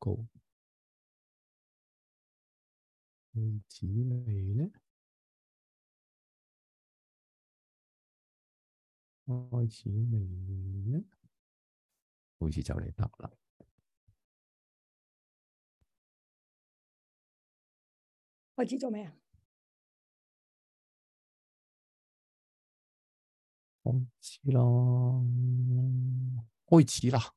開始未咧？開始未咧？好似就嚟得啦！開始做咩啊？開始啦！開始啦！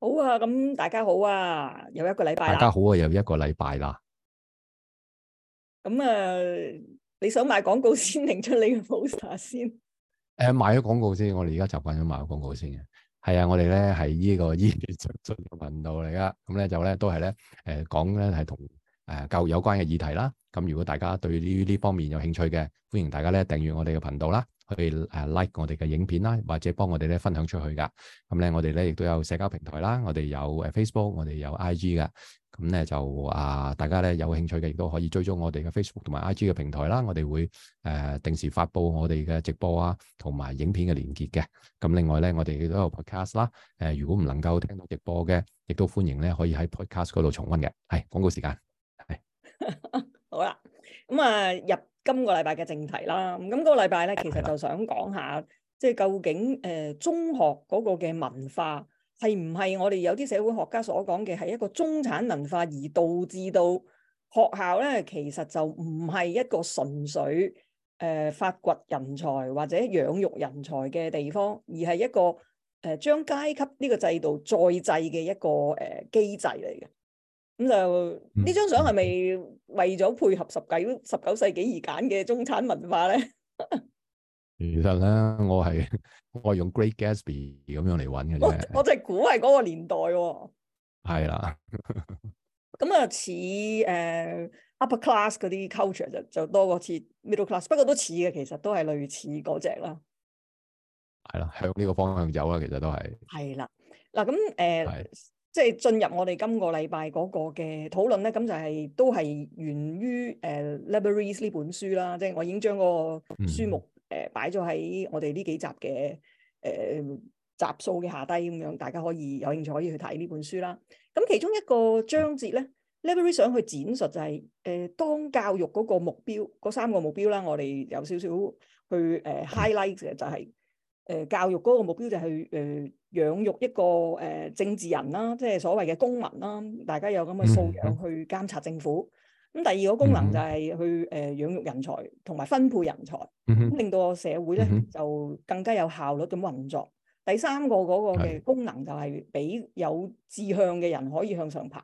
好啊，咁大家好啊，又一個禮拜、啊、大家好啊，又一個禮拜啦。咁啊、呃，你想賣廣告先，拎出你嘅 poster 先。誒，賣咗廣告先，我哋而家習慣咗賣廣告先嘅。係啊，我哋咧係呢個伊研相信嘅頻道嚟噶，咁、嗯、咧就咧都係咧，誒、呃、講咧係同誒教育有關嘅議題啦。咁、嗯、如果大家對於呢方面有興趣嘅，歡迎大家咧訂閱我哋嘅頻道啦。可以誒 like 我哋嘅影片啦，或者幫我哋咧分享出去噶。咁、嗯、咧，我哋咧亦都有社交平台啦，我哋有誒 Facebook，我哋有 IG 噶。咁、嗯、咧就啊、呃，大家咧有興趣嘅，亦都可以追蹤我哋嘅 Facebook 同埋 IG 嘅平台啦。我哋會誒、呃、定時發布我哋嘅直播啊，同埋影片嘅連結嘅。咁、嗯、另外咧，我哋亦都有 podcast 啦。誒、呃，如果唔能夠聽到直播嘅，亦都歡迎咧可以喺 podcast 嗰度重溫嘅。係、哎、廣告時間，哎、 好啦，咁啊、uh，入今個禮拜嘅正題啦，咁嗰個禮拜咧，其實就想講下，即係究竟誒、呃、中學嗰個嘅文化係唔係我哋有啲社會學家所講嘅係一個中產文化，而導致到學校咧，其實就唔係一個純粹誒、呃、發掘人才或者養育人才嘅地方，而係一個誒將階級呢個制度再製嘅一個誒機、呃、制嚟嘅。咁就呢張相係咪？嗯為咗配合十九十九世紀而揀嘅中產文化咧， 其實咧我係我係用 Great Gatsby 咁樣嚟揾嘅。我我就係估係嗰個年代、啊。係啦是的，咁啊似誒 upper class 嗰啲 culture 就就多過似 middle class，不過都似嘅，其實都係類似嗰隻啦。係啦，向呢個方向走啦、啊，其實都係。係啦，嗱咁誒。即係進入我哋今個禮拜嗰個嘅討論咧，咁就係、是、都係源於誒、呃《Library》呢本書啦。即係我已經將個書目誒擺咗喺我哋呢幾集嘅誒、呃、集數嘅下低咁樣，大家可以有興趣可以去睇呢本書啦。咁其中一個章節咧，《Library》想去展述就係、是、誒、呃、當教育嗰個目標嗰三個目標啦。我哋有少少去誒、呃、highlight 嘅就係、是、誒、呃、教育嗰個目標就係、是、誒。呃養育一個誒、呃、政治人啦、啊，即係所謂嘅公民啦、啊，大家有咁嘅素養去監察政府。咁、嗯嗯、第二個功能就係去誒養、呃、育人才同埋分配人才，令到社會咧、嗯嗯、就更加有效率咁運作。第三個嗰個嘅功能就係俾有志向嘅人可以向上爬。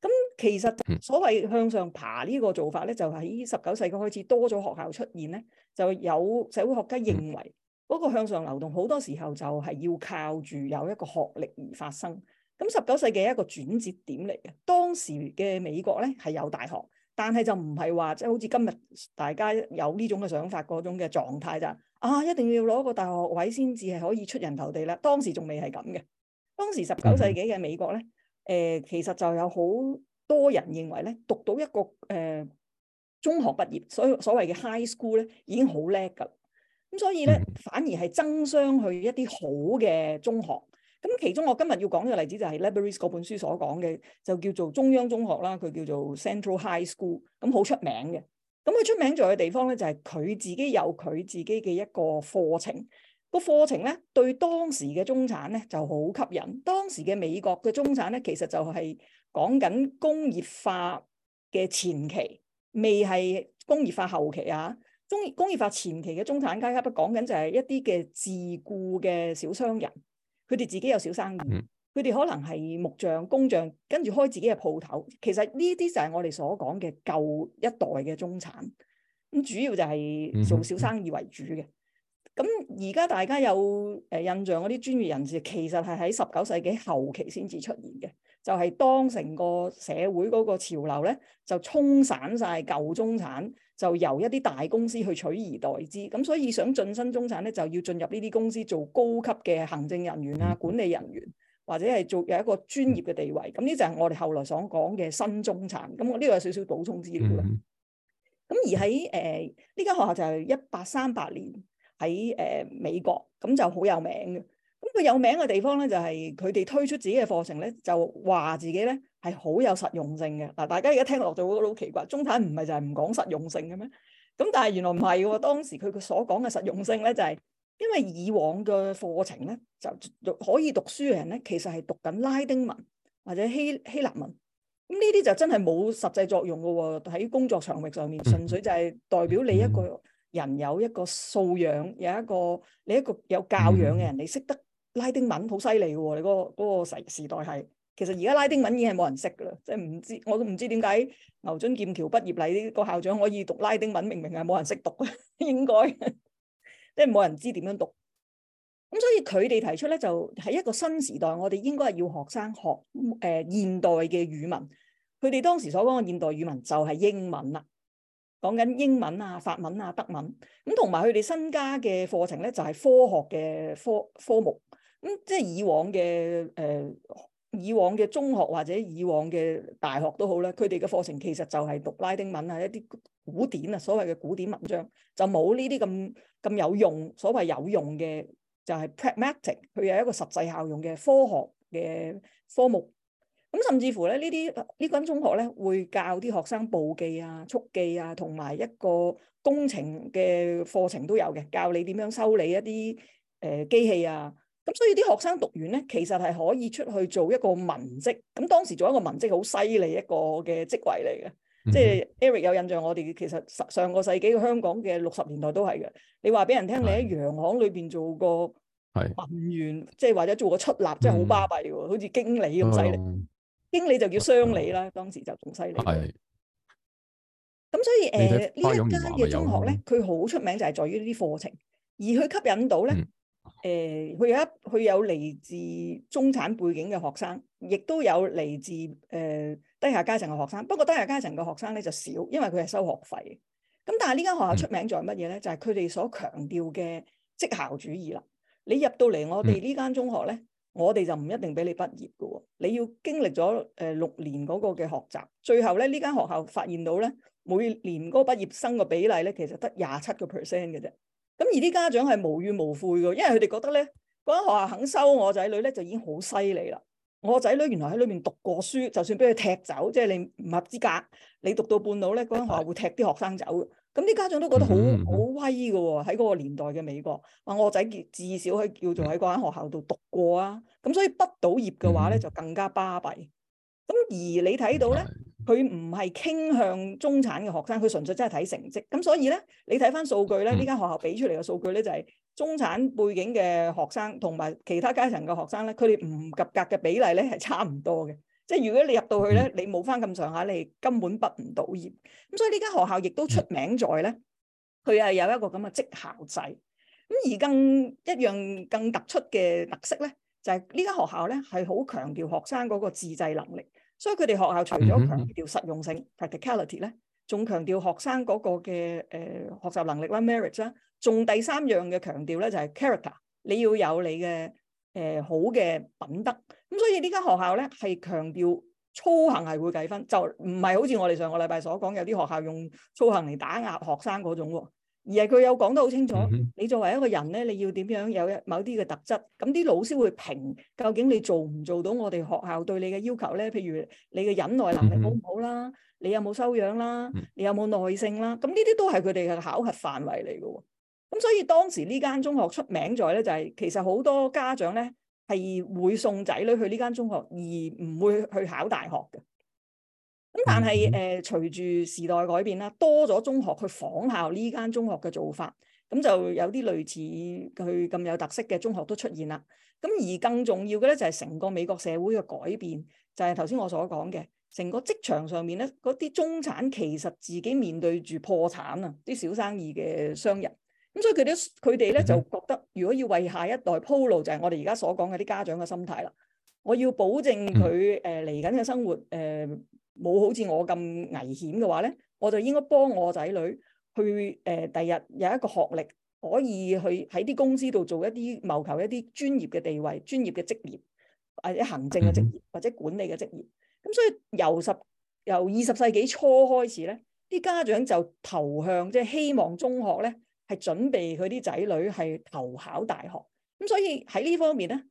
咁其實所謂向上爬呢個做法咧，就喺十九世紀開始多咗學校出現咧，就有社會學家認為、嗯。嗯嗰個向上流動好多時候就係要靠住有一個學歷而發生。咁十九世紀一個轉折點嚟嘅，當時嘅美國咧係有大學，但係就唔係話即係好似今日大家有呢種嘅想法嗰種嘅狀態咋。就是、啊，一定要攞個大學位先至係可以出人頭地啦。當時仲未係咁嘅。當時十九世紀嘅美國咧，誒、呃、其實就有好多人認為咧，讀到一個誒、呃、中學畢業，所所謂嘅 high school 咧，已經好叻㗎。咁所以咧，反而係爭相去一啲好嘅中學。咁其中，我今日要講嘅例子就係 Liberis 嗰本書所講嘅，就叫做中央中學啦。佢叫做 Central High School，咁好出名嘅。咁佢出名在嘅地方咧，就係佢自己有佢自己嘅一個課程。個課程咧，對當時嘅中產咧就好吸引。當時嘅美國嘅中產咧，其實就係講緊工業化嘅前期，未係工業化後期啊。中工業化前期嘅中產階級，都講緊就係一啲嘅自雇嘅小商人，佢哋自己有小生意，佢哋、嗯、可能係木匠、工匠，跟住開自己嘅鋪頭。其實呢啲就係我哋所講嘅舊一代嘅中產，咁主要就係做小生意為主嘅。咁而家大家有誒印象嗰啲專業人士，其實係喺十九世紀後期先至出現嘅，就係、是、當成個社會嗰個潮流咧，就沖散晒舊中產。就由一啲大公司去取而代之，咁所以想進身中產咧，就要進入呢啲公司做高級嘅行政人員啊、管理人員，或者係做有一個專業嘅地位。咁呢就係我哋後來所講嘅新中產。咁我呢個有少少補充資料啦。咁、嗯、而喺誒呢間學校就係一八三八年喺誒、呃、美國，咁就好有名嘅。咁佢有名嘅地方咧，就係佢哋推出自己嘅課程咧，就話自己咧。係好有實用性嘅嗱，大家而家聽落就會覺得好奇怪，中產唔係就係唔講實用性嘅咩？咁但係原來唔係喎，當時佢佢所講嘅實用性咧，就係因為以往嘅課程咧，就讀可以讀書嘅人咧，其實係讀緊拉丁文或者希希臘文，咁呢啲就真係冇實際作用嘅喎，喺工作場域上面，純粹就係代表你一個人有一個素養，有一個你一個有教養嘅人，你識得拉丁文好犀利喎，你嗰個嗰個時時代係。其實而家拉丁文已經係冇人識噶啦，即係唔知我都唔知點解牛津劍橋畢業禮呢個校長可以讀拉丁文，明明係冇人識讀，應該 即係冇人知點樣讀。咁所以佢哋提出咧，就喺一個新時代，我哋應該係要學生學誒、呃、現代嘅語文。佢哋當時所講嘅現代語文就係英文啦，講緊英文啊、法文啊、德文咁，同埋佢哋新加嘅課程咧就係、是、科學嘅科科目。咁即係以往嘅誒。呃以往嘅中學或者以往嘅大學都好啦，佢哋嘅課程其實就係讀拉丁文啊，一啲古典啊，所謂嘅古典文章，就冇呢啲咁咁有用，所謂有用嘅就係 practical，佢係一個實際效用嘅科學嘅科目。咁甚至乎咧，呢啲呢間中學咧會教啲學生簿記啊、速記啊，同埋一個工程嘅課程都有嘅，教你點樣修理一啲誒機器啊。咁所以啲學生讀完咧，其實係可以出去做一個文職。咁當時做一個文職好犀利一個嘅職位嚟嘅，即係、嗯、Eric 有印象我。我哋其實上個世紀香港嘅六十年代都係嘅。你話俾人聽，是你喺洋行裏邊做個文員，即係是或者做個出納，即係、嗯、好巴閉喎，好似經理咁犀利。嗯、經理就叫商理啦，當時就仲犀利。咁、嗯、所以誒呢一間嘅中學咧，佢好、嗯、出名就係在於呢啲課程，而佢吸引到咧、嗯。誒，佢、呃、有一佢有嚟自中產背景嘅學生，亦都有嚟自誒、呃、低下階層嘅學生。不過低下階層嘅學生咧就少，因為佢係收學費嘅。咁但係呢間學校出名在乜嘢咧？嗯、就係佢哋所強調嘅績效主義啦。你入到嚟我哋呢間中學咧，我哋就唔一定俾你畢業㗎喎。你要經歷咗誒六年嗰個嘅學習，最後咧呢間學校發現到咧，每年嗰個畢業生嘅比例咧，其實得廿七個 percent 嘅啫。咁而啲家長係無怨無悔嘅，因為佢哋覺得咧，嗰間學校肯收我仔女咧，就已經好犀利啦。我仔女原來喺裏面讀過書，就算俾佢踢走，即係你唔合資格，你讀到半路咧，嗰間學校會踢啲學生走。咁啲家長都覺得好好威嘅喎，喺嗰個年代嘅美國，話我仔至少係叫做喺嗰間學校度讀過啊。咁所以畢到業嘅話咧，就更加巴閉。咁而你睇到咧。佢唔係傾向中產嘅學生，佢純粹真係睇成績。咁所以咧，你睇翻數據咧，呢間、嗯、學校俾出嚟嘅數據咧就係、是、中產背景嘅學生同埋其他階層嘅學生咧，佢哋唔及格嘅比例咧係差唔多嘅。即係如果你入到去咧、嗯，你冇翻咁上下，你根本畢唔到業。咁所以呢間學校亦都出名在咧，佢係有一個咁嘅績效制。咁而更一樣更突出嘅特色咧，就係呢間學校咧係好強調學生嗰個自制能力。所以佢哋學校除咗強調實用性 practicality 咧，仲強調學生嗰個嘅、誒、呃、學習能力啦 merit 啦，仲第三樣嘅強調咧就係、是、character，你要有你嘅、誒、呃、好嘅品德。咁所以呢間學校咧係強調操行係會計分，就唔係好似我哋上個禮拜所講有啲學校用操行嚟打壓學生嗰種、啊。而係佢有講得好清楚，mm hmm. 你作為一個人咧，你要點樣有某啲嘅特質，咁啲老師會評究竟你做唔做到我哋學校對你嘅要求咧？譬如你嘅忍耐能力好唔好啦、mm hmm.，你有冇修養啦，你有冇耐性啦？咁呢啲都係佢哋嘅考核範圍嚟嘅喎。咁所以當時呢間中學出名在咧，就係、是、其實好多家長咧係會送仔女去呢間中學，而唔會去考大學嘅。咁但係誒、呃，隨住時代改變啦，多咗中學去仿效呢間中學嘅做法，咁就有啲類似佢咁有特色嘅中學都出現啦。咁而更重要嘅咧，就係成個美國社會嘅改變，就係頭先我所講嘅，成個職場上面咧，嗰啲中產其實自己面對住破產啊，啲小生意嘅商人，咁所以佢哋佢哋咧就覺得，如果要為下一代鋪路，就係、是、我哋而家所講嘅啲家長嘅心態啦。我要保證佢誒嚟緊嘅生活誒，呃冇好似我咁危險嘅話咧，我就應該幫我仔女去誒，第日有一個學歷可以去喺啲公司度做一啲謀求一啲專業嘅地位、專業嘅職業或者行政嘅職業或者管理嘅職業。咁所以由十由二十世紀初開始咧，啲家長就投向即係希望中學咧係準備佢啲仔女係投考大學。咁所以喺呢方面咧。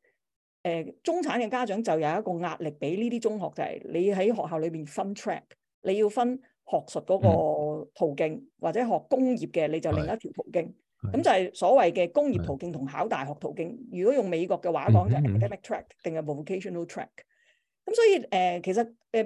誒中產嘅家長就有一個壓力俾呢啲中學，就係、是、你喺學校裏邊分 track，你要分學術嗰個途徑，或者學工業嘅你就另一條途徑。咁、嗯、就係所謂嘅工業途徑同考大學途徑。嗯嗯、如果用美國嘅話講，就 academic track 定係 vocational track。咁、嗯嗯、所以誒、呃，其實誒、呃、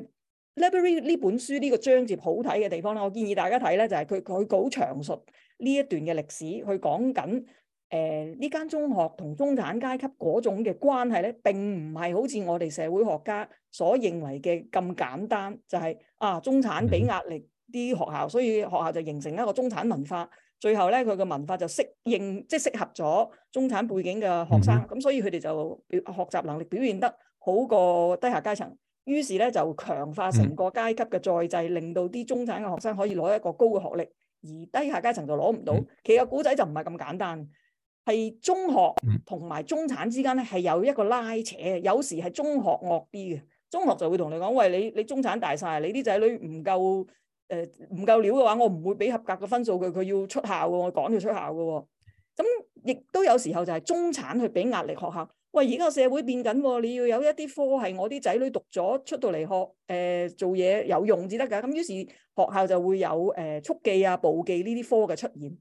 library 呢本書呢、呢個章節好睇嘅地方咧，我建議大家睇咧就係佢佢好長述呢一段嘅歷史，佢講緊。誒，呢間、呃、中學同中產階級嗰種嘅關係咧，並唔係好似我哋社會學家所認為嘅咁簡單，就係、是、啊中產俾壓力啲、嗯、學校，所以學校就形成一個中產文化，最後咧佢嘅文化就適應即係適合咗中產背景嘅學生，咁、嗯、所以佢哋就學習能力表現得好過低下階層，於是咧就強化成個階級嘅再製，嗯、令到啲中產嘅學生可以攞一個高嘅學歷，而低下階層就攞唔到。嗯、其實古仔就唔係咁簡單。係中學同埋中產之間咧，係有一個拉扯。有時係中學惡啲嘅，中學就會同你講：喂，你你中產大晒，你啲仔女唔夠誒唔夠料嘅話，我唔會俾合格嘅分數，佢佢要出校嘅，我趕佢出校嘅、哦。咁亦都有時候就係中產去俾壓力學校：喂，而家個社會變緊，你要有一啲科係我啲仔女讀咗出到嚟學誒、呃、做嘢有用至得㗎。咁於是學校就會有誒、呃、速記啊、簿記呢啲科嘅出現。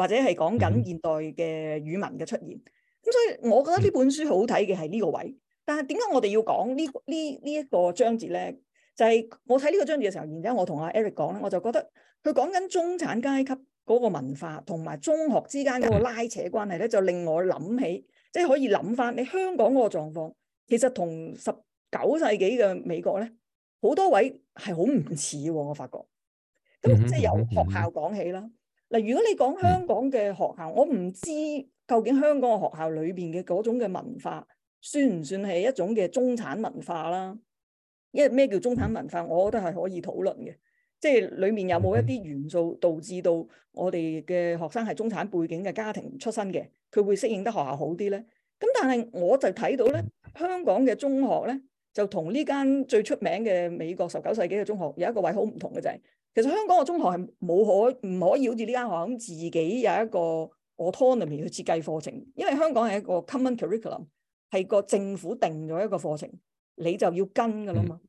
或者係講緊現代嘅語文嘅出現，咁、mm hmm. 所以我覺得呢本書好睇嘅係呢個位。Mm hmm. 但係點解我哋要講呢呢呢一個章節咧？就係、是、我睇呢個章節嘅時候，然之後我同阿 Eric 講咧，我就覺得佢講緊中產階級嗰個文化同埋中學之間嗰個拉扯關係咧，mm hmm. 就令我諗起，即、就、係、是、可以諗翻你香港嗰個狀況，其實同十九世紀嘅美國咧，好多位係好唔似喎。我發覺，咁即係由學校講起啦。Mm hmm. 嗯嗱，如果你講香港嘅學校，我唔知究竟香港嘅學校裏邊嘅嗰種嘅文化，算唔算係一種嘅中產文化啦？因為咩叫中產文化，我覺得係可以討論嘅。即係裡面有冇一啲元素導致到我哋嘅學生係中產背景嘅家庭出身嘅，佢會適應得學校好啲咧？咁但係我就睇到咧，香港嘅中學咧，就同呢間最出名嘅美國十九世紀嘅中學有一個位好唔同嘅，就係。其實香港嘅中學係冇可唔可以好似呢間學校咁自己有一個 autonomy 去設計課程，因為香港係一個 common curriculum，係個政府定咗一個課程，你就要跟㗎啦嘛。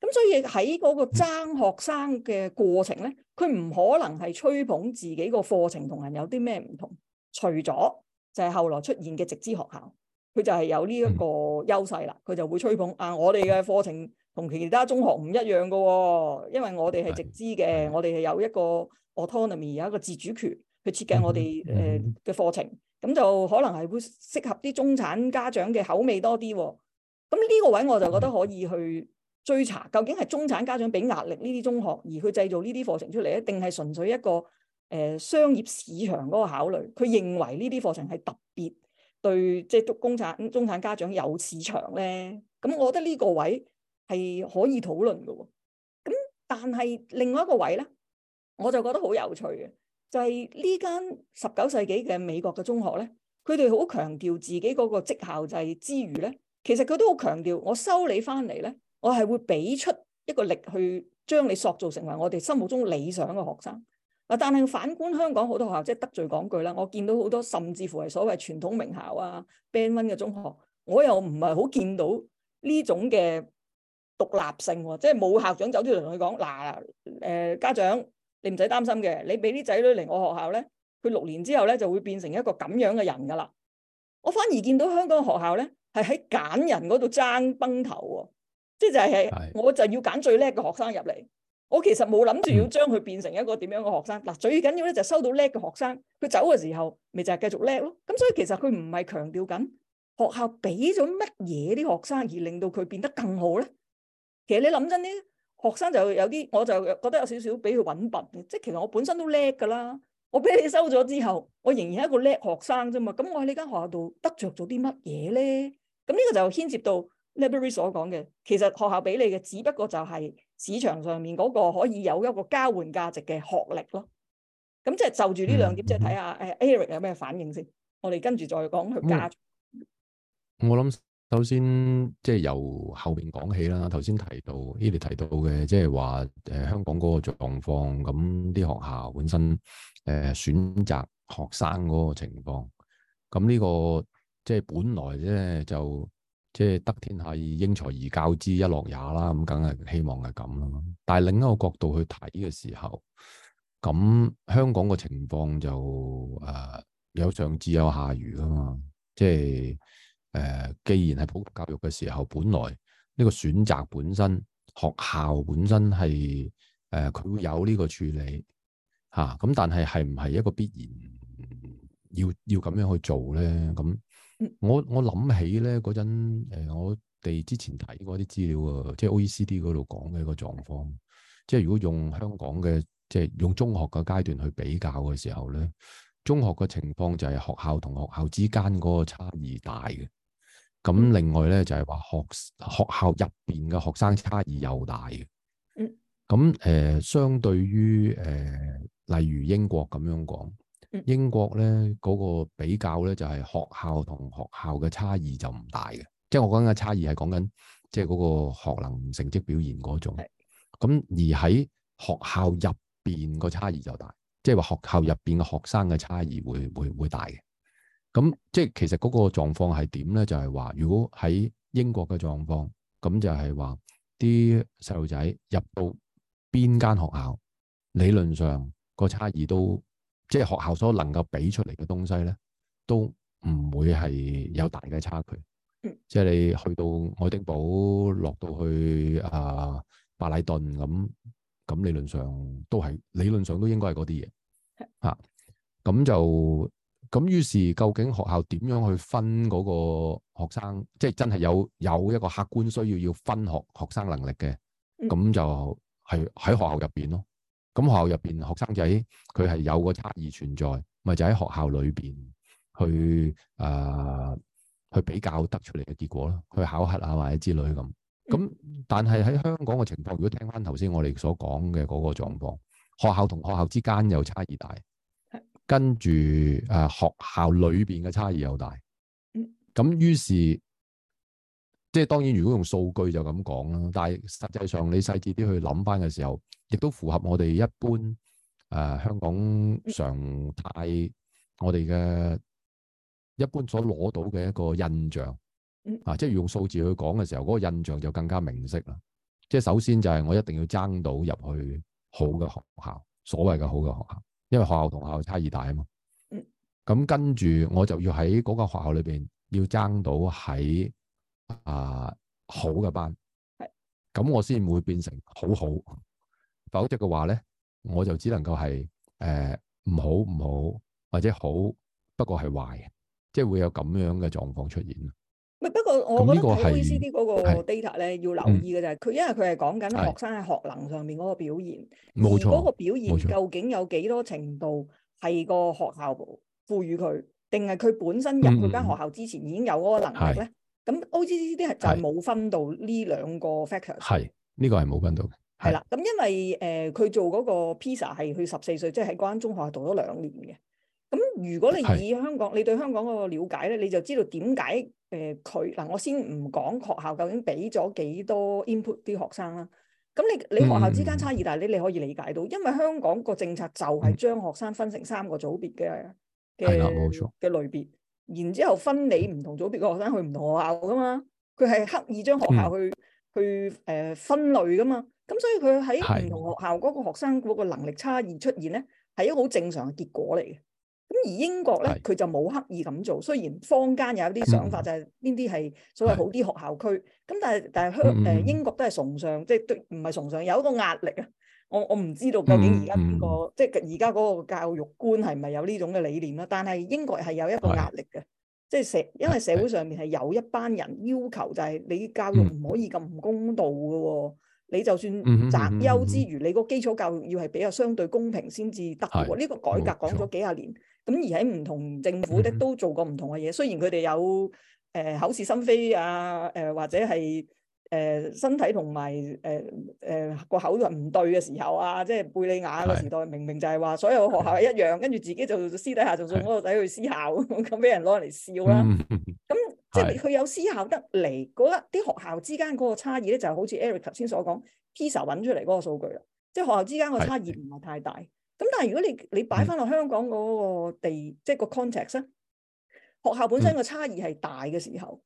咁所以喺嗰個爭學生嘅過程咧，佢唔可能係吹捧自己個課程同人有啲咩唔同，除咗就係後來出現嘅直資學校，佢就係有呢一個優勢啦，佢就會吹捧啊我哋嘅課程。同其他中學唔一樣嘅、哦，因為我哋係直資嘅，的我哋係有一個 autonomy，有一個自主權去設計我哋誒嘅課程。咁的就可能係會適合啲中產家長嘅口味多啲、哦。咁呢個位我就覺得可以去追查，的究竟係中產家長俾壓力呢啲中學而去製造呢啲課程出嚟咧，定係純粹一個誒、呃、商業市場嗰個考慮？佢認為呢啲課程係特別對即係中產中產家長有市場咧。咁我覺得呢個位。係可以討論嘅喎，咁但係另外一個位咧，我就覺得好有趣嘅，就係呢間十九世紀嘅美國嘅中學咧，佢哋好強調自己嗰個績效制之餘咧，其實佢都好強調，我收你翻嚟咧，我係會俾出一個力去將你塑造成為我哋心目中理想嘅學生。嗱，但係反觀香港好多學校，即係得罪講句啦，我見到好多甚至乎係所謂傳統名校啊、band one 嘅中學，我又唔係好見到呢種嘅獨立性喎，即係冇校長走咗嚟同佢講嗱，誒家長你唔使擔心嘅，你俾啲仔女嚟我學校咧，佢六年之後咧就會變成一個咁樣嘅人㗎啦。我反而見到香港學校咧係喺揀人嗰度爭崩頭喎，即係就係我就要揀最叻嘅學生入嚟，我其實冇諗住要將佢變成一個點樣嘅學生。嗱，最緊要咧就收到叻嘅學生，佢走嘅時候咪就係繼續叻咯。咁所以其實佢唔係強調緊學校俾咗乜嘢啲學生而令到佢變得更好咧。其實你諗真啲學生就有啲，我就覺得有少少俾佢揾笨嘅。即係其實我本身都叻㗎啦，我俾你收咗之後，我仍然係一個叻學生啫嘛。咁我喺呢間學校度得着咗啲乜嘢咧？咁、這、呢個就牽涉到 Larry 所講嘅，其實學校俾你嘅，只不過就係市場上面嗰個可以有一個交換價值嘅學歷咯。咁即係就住呢兩點，嗯、即係睇下誒、嗯、Eric 有咩反應先。我哋跟住再講佢加我。我諗。首先，即係由後邊講起啦。頭先提到，呢啲提到嘅，即係話，誒、呃，香港嗰個狀況，咁、嗯、啲學校本身，誒、呃，選擇學生嗰個情況，咁、嗯、呢、這個，即係本來咧就，即係得天下英才而教之，一樂也啦。咁梗係希望係咁啦。但係另一個角度去睇嘅時候，咁、嗯、香港個情況就誒、呃，有上智有下愚噶嘛，即係。誒、呃，既然係普及教育嘅時候，本來呢個選擇本身學校本身係誒，佢、呃、會有呢個處理吓咁、啊，但係係唔係一個必然要要咁樣去做咧？咁我我諗起咧嗰陣誒，我哋、呃、之前睇過啲資料啊，即係 OECD 嗰度講嘅個狀況，即係如果用香港嘅即係用中學嘅階段去比較嘅時候咧，中學嘅情況就係學校同學校之間嗰個差異大嘅。咁另外咧就係、是、話學學校入邊嘅學生差異又大嘅，嗯，咁、呃、誒相對於誒、呃、例如英國咁樣講，英國咧嗰、那個比較咧就係、是、學校同學校嘅差異就唔大嘅，即、就、係、是、我講緊嘅差異係講緊即係嗰個學能成績表現嗰種，係，咁而喺學校入邊個差異就大，即係話學校入邊嘅學生嘅差異會會會大嘅。咁即係其實嗰個狀況係點咧？就係話，如果喺英國嘅狀況，咁就係話啲細路仔入到邊間學校，理論上個差異都即係、就是、學校所能夠俾出嚟嘅東西咧，都唔會係有大嘅差距。即係、嗯、你去到愛丁堡，落到去，去啊白禮頓咁，咁理論上都係理論上都應該係嗰啲嘢嚇，咁、啊、就。咁於是究竟學校點樣去分嗰個學生，即係真係有有一個客觀需要要分學學生能力嘅，咁就係喺學校入邊咯。咁學校入邊學生仔佢係有個差異存在，咪就喺、是、學校裏邊去啊、呃、去比較得出嚟嘅結果咯，去考核啊或者之類咁。咁但係喺香港嘅情況，如果聽翻頭先我哋所講嘅嗰個狀況，學校同學校之間有差異大。跟住誒、呃，學校裏邊嘅差異又大，咁於是即係當然，如果用數據就咁講啦。但係實際上你細緻啲去諗翻嘅時候，亦都符合我哋一般誒、呃、香港常態，我哋嘅一般所攞到嘅一個印象。啊，即係用數字去講嘅時候，嗰個印象就更加明晰啦。即係首先就係我一定要爭到入去好嘅學校，所謂嘅好嘅學校。因為學校同學校差異大啊嘛，咁跟住我就要喺嗰個學校裏邊要爭到喺啊、呃、好嘅班，咁我先會變成好好，否則嘅話咧我就只能夠係誒唔好唔好或者好不過係壞，即係會有咁樣嘅狀況出現。不過，我覺得 OECD 嗰個 data 咧是要留意嘅啫、就係。佢、嗯、因為佢係講緊學生喺學能上面嗰個表現，嗰是個表現錯究竟有幾多程度係個學校賦予佢，定係佢本身入嗰間學校之前已經有嗰個能力咧？咁是 OECD 啲係就冇分到呢兩個 factor。係呢個係冇分到嘅。係啦是，咁因為誒佢、呃、做嗰個 PISA 係佢十四歲，即係喺嗰間中學係讀咗兩年嘅。如果你以香港，是你對香港嗰個瞭解咧，你就知道點解誒佢嗱，我先唔講學校究竟俾咗幾多 input 啲學生啦。咁你你學校之間差異大啲，嗯、你可以理解到，因為香港個政策就係將學生分成三個組別嘅嘅類別，然之後分你唔同組別嘅學生去唔同學校噶嘛。佢係刻意將學校去、嗯、去誒、呃、分類噶嘛。咁所以佢喺唔同學校嗰個學生嗰個能力差異出現咧，係一個好正常嘅結果嚟嘅。咁而英國咧，佢就冇刻意咁做。雖然坊間有一啲想法就係邊啲係所謂好啲學校區，咁但係但係香誒英國都係崇尚，即係都唔係崇尚，有一個壓力啊。我我唔知道究竟而家邊個即係而家嗰個教育觀係唔係有呢種嘅理念啦。但係英國係有一個壓力嘅，即係社因為社會上面係有一班人要求就係你教育唔可以咁唔公道嘅喎。你就算擇優之餘，你個基礎教育要係比較相對公平先至得喎。呢個改革講咗幾廿年。咁而喺唔同政府的都做過唔同嘅嘢，雖然佢哋有誒口是心非啊，誒或者係誒身體同埋誒誒個口都唔對嘅時候啊，即係貝利亞個時代明明就係話所有學校係一樣，跟住自己就私底下就送嗰個仔去私校，咁俾人攞嚟笑啦。咁即係佢有私校得嚟，覺得啲學校之間嗰個差異咧，就係好似 Eric 頭先所講，PISA 揾出嚟嗰個數據啦，即係學校之間個差異唔係太大。咁但係如果你你擺翻落香港嗰個地，即係個 context 啊，學校本身個差異係大嘅時候，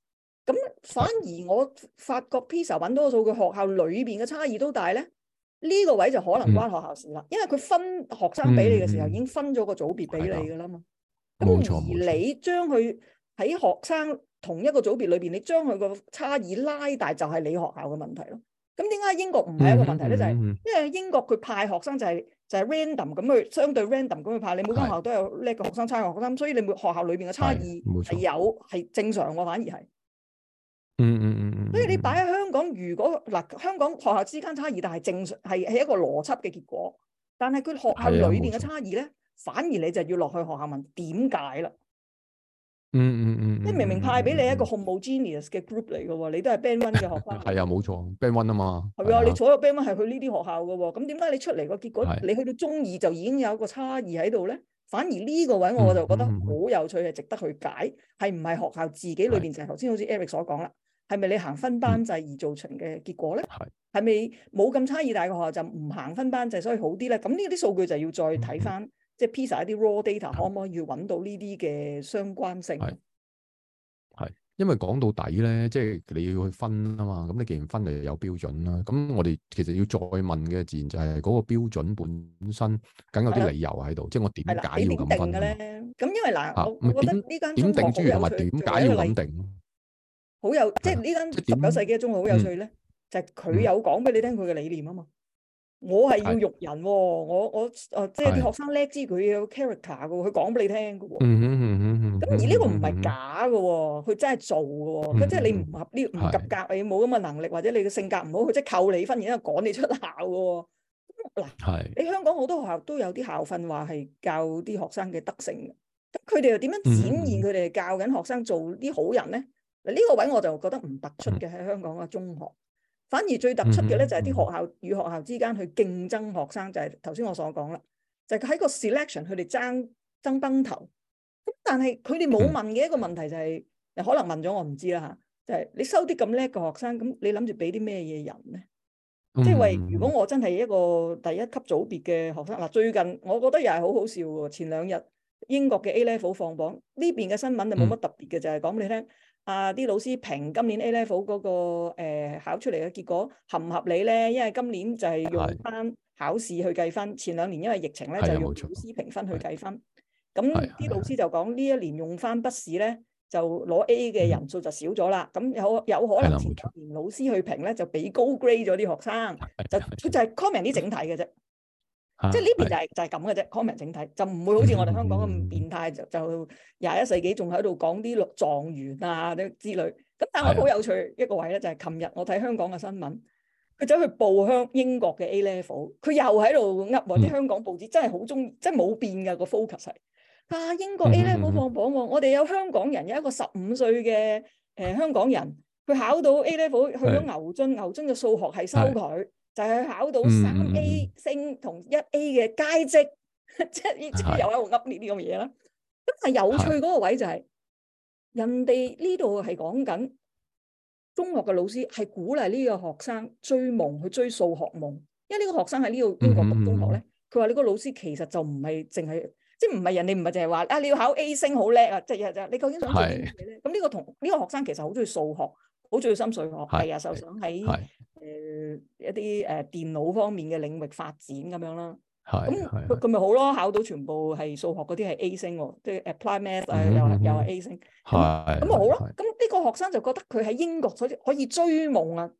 咁、嗯、反而我發覺 PISA 揾多個數據，學校裏邊嘅差異都大咧。呢、這個位就可能關學校事啦，嗯、因為佢分學生俾你嘅時候已經分咗個組別俾你噶啦嘛。咁而你將佢喺學生同一個組別裏邊，你將佢個差異拉大，就係你學校嘅問題咯。咁點解英國唔係一個問題咧？就係、是、因為英國佢派學生就係、是。就係 random，咁佢相對 random 咁去派，你每間學校都有叻嘅學生差唔多，咁所以你每學校裏邊嘅差異係有，係正常嘅反而係、嗯。嗯嗯嗯嗯。所以你擺喺香港，如果嗱、呃、香港學校之間差異，但係正常係係一個邏輯嘅結果。但係佢學校裏邊嘅差異咧，反而你就要落去學校問點解啦。嗯嗯嗯，即、嗯、係明明派俾你一個 homogeneous 嘅 group 嚟嘅喎，你都係 band one 嘅學生。係 啊，冇錯 ，band one 啊嘛。係啊？啊你所有 band one 係去呢啲學校嘅，咁點解你出嚟個結果，你去到中二就已經有一個差異喺度咧？反而呢個位我就覺得好有趣，係、嗯嗯、值得去解，係唔係學校自己裏邊是就係頭先好似 Eric 所講啦，係咪你行分班制而造成嘅結果咧？係咪冇咁差異大嘅學校就唔行分班制，所以好啲咧？咁呢啲數據就要再睇翻。嗯即係 PISA 一啲 raw data 可唔可以要揾到呢啲嘅相關性？係的，係因為講到底咧，即、就、係、是、你要去分啊嘛。咁你既然分，就有標準啦。咁我哋其實要再問嘅自然就係嗰個標準本身，梗有啲理由喺度。的即係我點解的要咁分咧？咁因為嗱、啊，我覺得呢間中學好有趣，點解、啊、要穩定？好有，即係呢間十九世紀嘅中學好有趣咧，嗯、就係佢有講俾你聽佢嘅理念啊嘛。我係要育人，我我誒，即係啲學生叻，知佢有 character 嘅，佢講俾你聽嘅。咁而呢個唔係假嘅，佢真係做嘅。佢即係你唔合呢，唔及格，你冇咁嘅能力或者你嘅性格唔好，佢即係扣你分，然後趕你出校嘅。嗱，你香港好多學校都有啲校訓話係教啲學生嘅德性嘅，咁佢哋又點樣展現佢哋教緊學生做啲好人咧？嗱，呢個位我就覺得唔突出嘅喺香港嘅中學。反而最突出嘅咧就係啲學校與學校之間去競爭學生，嗯、就係頭先我所講啦，就喺、是、個 selection 佢哋爭爭崩頭。咁但係佢哋冇問嘅一個問題就係、是，嗯、可能問咗我唔知啦吓。就係、是、你收啲咁叻嘅學生，咁你諗住俾啲咩嘢人咧？即係話如果我真係一個第一級組別嘅學生嗱，最近我覺得又係好好笑喎。前兩日英國嘅 A level 放榜，呢邊嘅新聞就冇乜特別嘅，嗯、就係講俾你聽。啊！啲老師評今年 A level 嗰個、呃、考出嚟嘅結果合唔合理咧？因為今年就係用翻考試去計分，的前兩年因為疫情咧，的就用老師評分去計分。咁啲老師就講呢的一年用翻筆試咧，就攞 A 嘅人數就少咗啦。咁有有可能前兩年老師去評咧，就俾高 grade 咗啲學生，就就係 comment 啲整體嘅啫。即係呢邊就係就係咁嘅啫 comment 整體就唔會好似我哋香港咁變態，就就廿一世紀仲喺度講啲狀元啊啲之類。咁但係我好有趣一個位咧，就係琴日我睇香港嘅新聞，佢走去報香英國嘅 A level，佢又喺度噏喎啲香港報紙真係好中意，即係冇變㗎個 focus 啊英國 A level 放榜我哋有香港人有一個十五歲嘅誒香港人，佢考到 A level 去咗牛津，牛津嘅數學係收佢，就係考到三 A。星同一 A 嘅階級，即係呢啲又喺度噏呢啲咁嘅嘢啦。咁係有趣嗰個位就係人哋呢度係講緊中學嘅老師係鼓勵呢個學生追夢去追數學夢，因為呢個學生喺呢度邊個讀中學咧？佢話呢個老師其實就唔係淨係，即係唔係人哋唔係淨係話啊你要考 A 星好叻啊，即係日日你究竟想做啲乜嘢咧？咁呢個同呢個學生其實好鍾意數學，好鍾意深水學，係啊，就想喺。誒，一啲誒電腦方面嘅領域發展咁樣啦，咁佢咪好咯？考到全部係數學嗰啲係 A 星，即係 Apply Math 又又係 A 星，咁咪好咯？咁呢個學生就覺得佢喺英國可以可以追夢啊，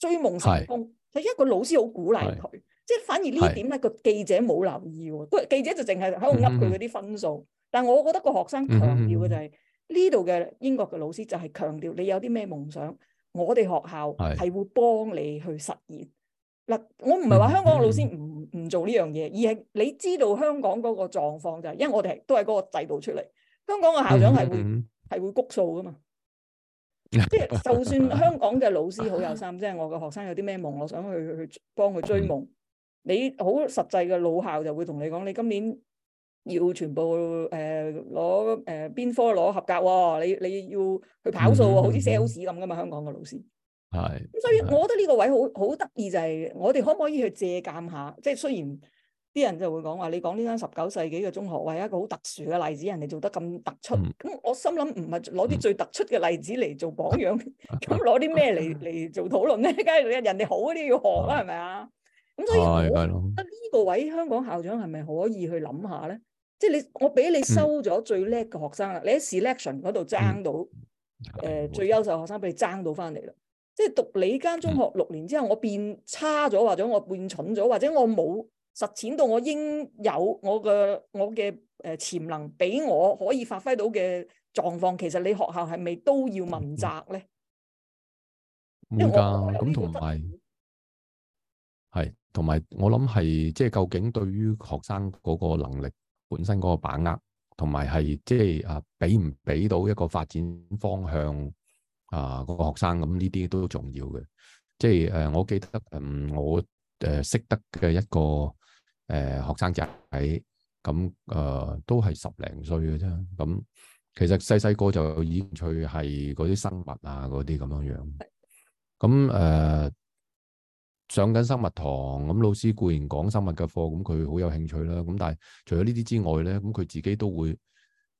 追夢成功，係一個老師好鼓勵佢，即係反而呢點咧個記者冇留意喎，記者就淨係喺度噏佢嗰啲分數，但係我覺得個學生強調嘅就係呢度嘅英國嘅老師就係強調你有啲咩夢想。我哋學校係會幫你去實現嗱，是我唔係話香港嘅老師唔唔、嗯、做呢樣嘢，而係你知道香港嗰個狀況就係，因為我哋都係嗰個制度出嚟，香港嘅校長係會係、嗯嗯、會谷數噶嘛，即係 就算香港嘅老師好有心，即、就、係、是、我嘅學生有啲咩夢，我想去去幫佢追夢，嗯、你好實際嘅老校就會同你講，你今年，要全部誒攞誒邊科攞合格喎、哦？你你要去跑數、嗯、好似 sales 咁噶嘛？香港嘅老師係咁，是所以我覺得呢個位好好得意就係，我哋可唔可以去借鑑下？即、就、係、是、雖然啲人就會講話，你講呢間十九世紀嘅中學為一個好特殊嘅例子，人哋做得咁突出。咁、嗯、我心諗唔係攞啲最突出嘅例子嚟做榜樣，咁攞啲咩嚟嚟做討論咧？梗 係人哋好啲要學啦，係咪啊？咁所以覺得呢個位香港校長係咪可以去諗下咧？即係你，我俾你收咗最叻嘅學生啦。嗯、你喺 selection 嗰度爭到誒最優秀學生俾你爭到翻嚟啦。即係讀你間中學六年之後，嗯、我變差咗，或者我變蠢咗，或者我冇實踐到我應有我嘅我嘅誒潛能，俾我可以發揮到嘅狀況，其實你學校係咪都要問責咧？唔得、嗯，咁同埋係同埋，我諗係即係究竟對於學生嗰個能力。本身嗰個把握同埋係即係啊，俾唔俾到一個發展方向啊，個學生，咁呢啲都重要嘅。即係誒、啊，我記得嗯，我誒、呃、識得嘅一個誒、呃、學生仔咁誒、啊，都係十零歲嘅啫。咁、啊、其實細細個就已經興趣係嗰啲生物啊，嗰啲咁樣樣。咁、啊、誒。啊上緊生物堂，咁老師固然講生物嘅課，咁佢好有興趣啦。咁但係除咗呢啲之外咧，咁佢自己都會誒、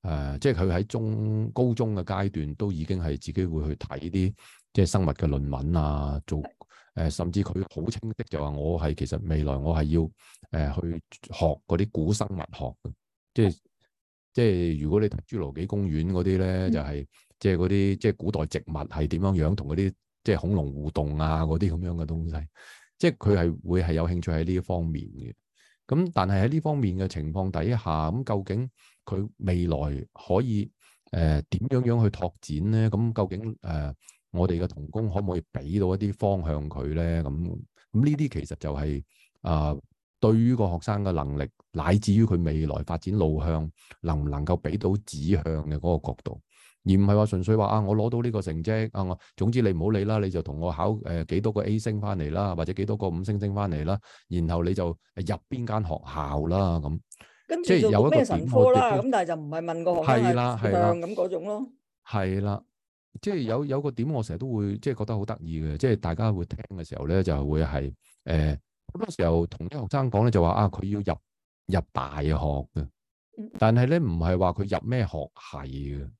呃，即係佢喺中高中嘅階段都已經係自己會去睇啲即係生物嘅論文啊，做誒、呃，甚至佢好清晰就話我係其實未來我係要誒、呃、去學嗰啲古生物學嘅，即係即係如果你睇侏羅紀公園嗰啲咧，就係、是、即係嗰啲即係古代植物係點樣樣同嗰啲。即係恐龍互動啊，嗰啲咁樣嘅東西，即係佢係會係有興趣喺呢一方面嘅。咁但係喺呢方面嘅情況底下，咁究竟佢未來可以誒點樣樣去拓展咧？咁究竟誒、呃、我哋嘅同工可唔可以俾到一啲方向佢咧？咁咁呢啲其實就係、是、啊、呃，對於個學生嘅能力，乃至於佢未來發展路向，能唔能夠俾到指向嘅嗰個角度？而唔係話純粹話啊，我攞到呢個成績啊，我總之你唔好理啦，你就同我考誒、呃、幾多個 A 星翻嚟啦，或者幾多個五星星翻嚟啦，然後你就入邊間學校啦咁，跟住即係有一個神科啦。咁的但係就唔係問個學校係咪強咁嗰種咯。係啦、啊，即、就、係、是、有有個點，我成日都會即係、就是、覺得好得意嘅，即、就、係、是、大家會聽嘅時候咧，就會係誒好多時候同啲學生講咧，就話啊，佢要入入大學嘅，但係咧唔係話佢入咩學系嘅。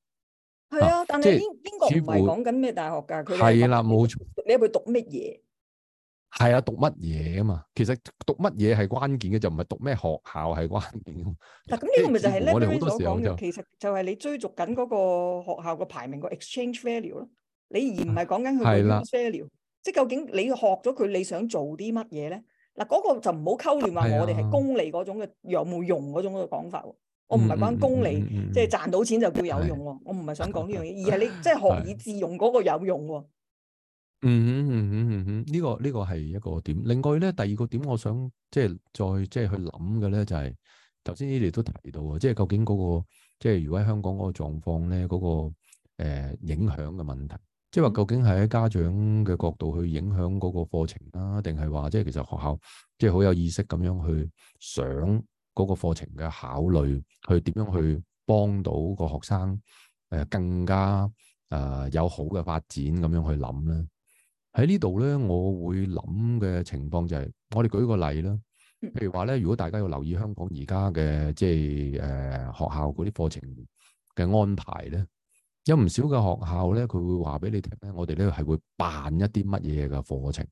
係啊，但係英英國唔係講緊咩大學噶，係啦，冇錯。你係佢讀乜嘢？係啊，讀乜嘢啊嘛？其實讀乜嘢係關鍵嘅，就唔係讀咩學校係關鍵。嗱，咁呢個咪就係咧，我哋好多時講嘅，其實就係你追逐緊嗰個學校個排名個 exchange value 咯。你而唔係講緊佢個 value，即係究竟你學咗佢，你想做啲乜嘢咧？嗱，嗰個就唔好溝亂話，我哋係功利嗰種嘅，有冇用嗰種嘅講法。我唔係講功利，即係、嗯嗯嗯、賺到錢就叫有用喎、哦。的我唔係想講呢樣嘢，而係你即係學以致用嗰個有用喎、哦。嗯嗯嗯嗯嗯，呢、這個呢、這個係一個點。另外咧，第二個點，我想即係再即係去諗嘅咧，就係頭先你哋都提到即係究竟嗰、那個即係如果喺香港嗰個狀況咧，嗰、那個、呃、影響嘅問題，即係話究竟係喺家長嘅角度去影響嗰個課程啦、啊，定係話即係其實學校即係好有意識咁樣去想。嗰個課程嘅考慮，去點樣去幫到個學生？誒、呃，更加誒、呃、有好嘅發展咁樣去諗咧。喺呢度咧，我會諗嘅情況就係、是，我哋舉個例啦。譬如話咧，如果大家要留意香港而家嘅即係誒、呃、學校嗰啲課程嘅安排咧，有唔少嘅學校咧，佢會話俾你聽咧，我哋咧係會辦一啲乜嘢嘅課程。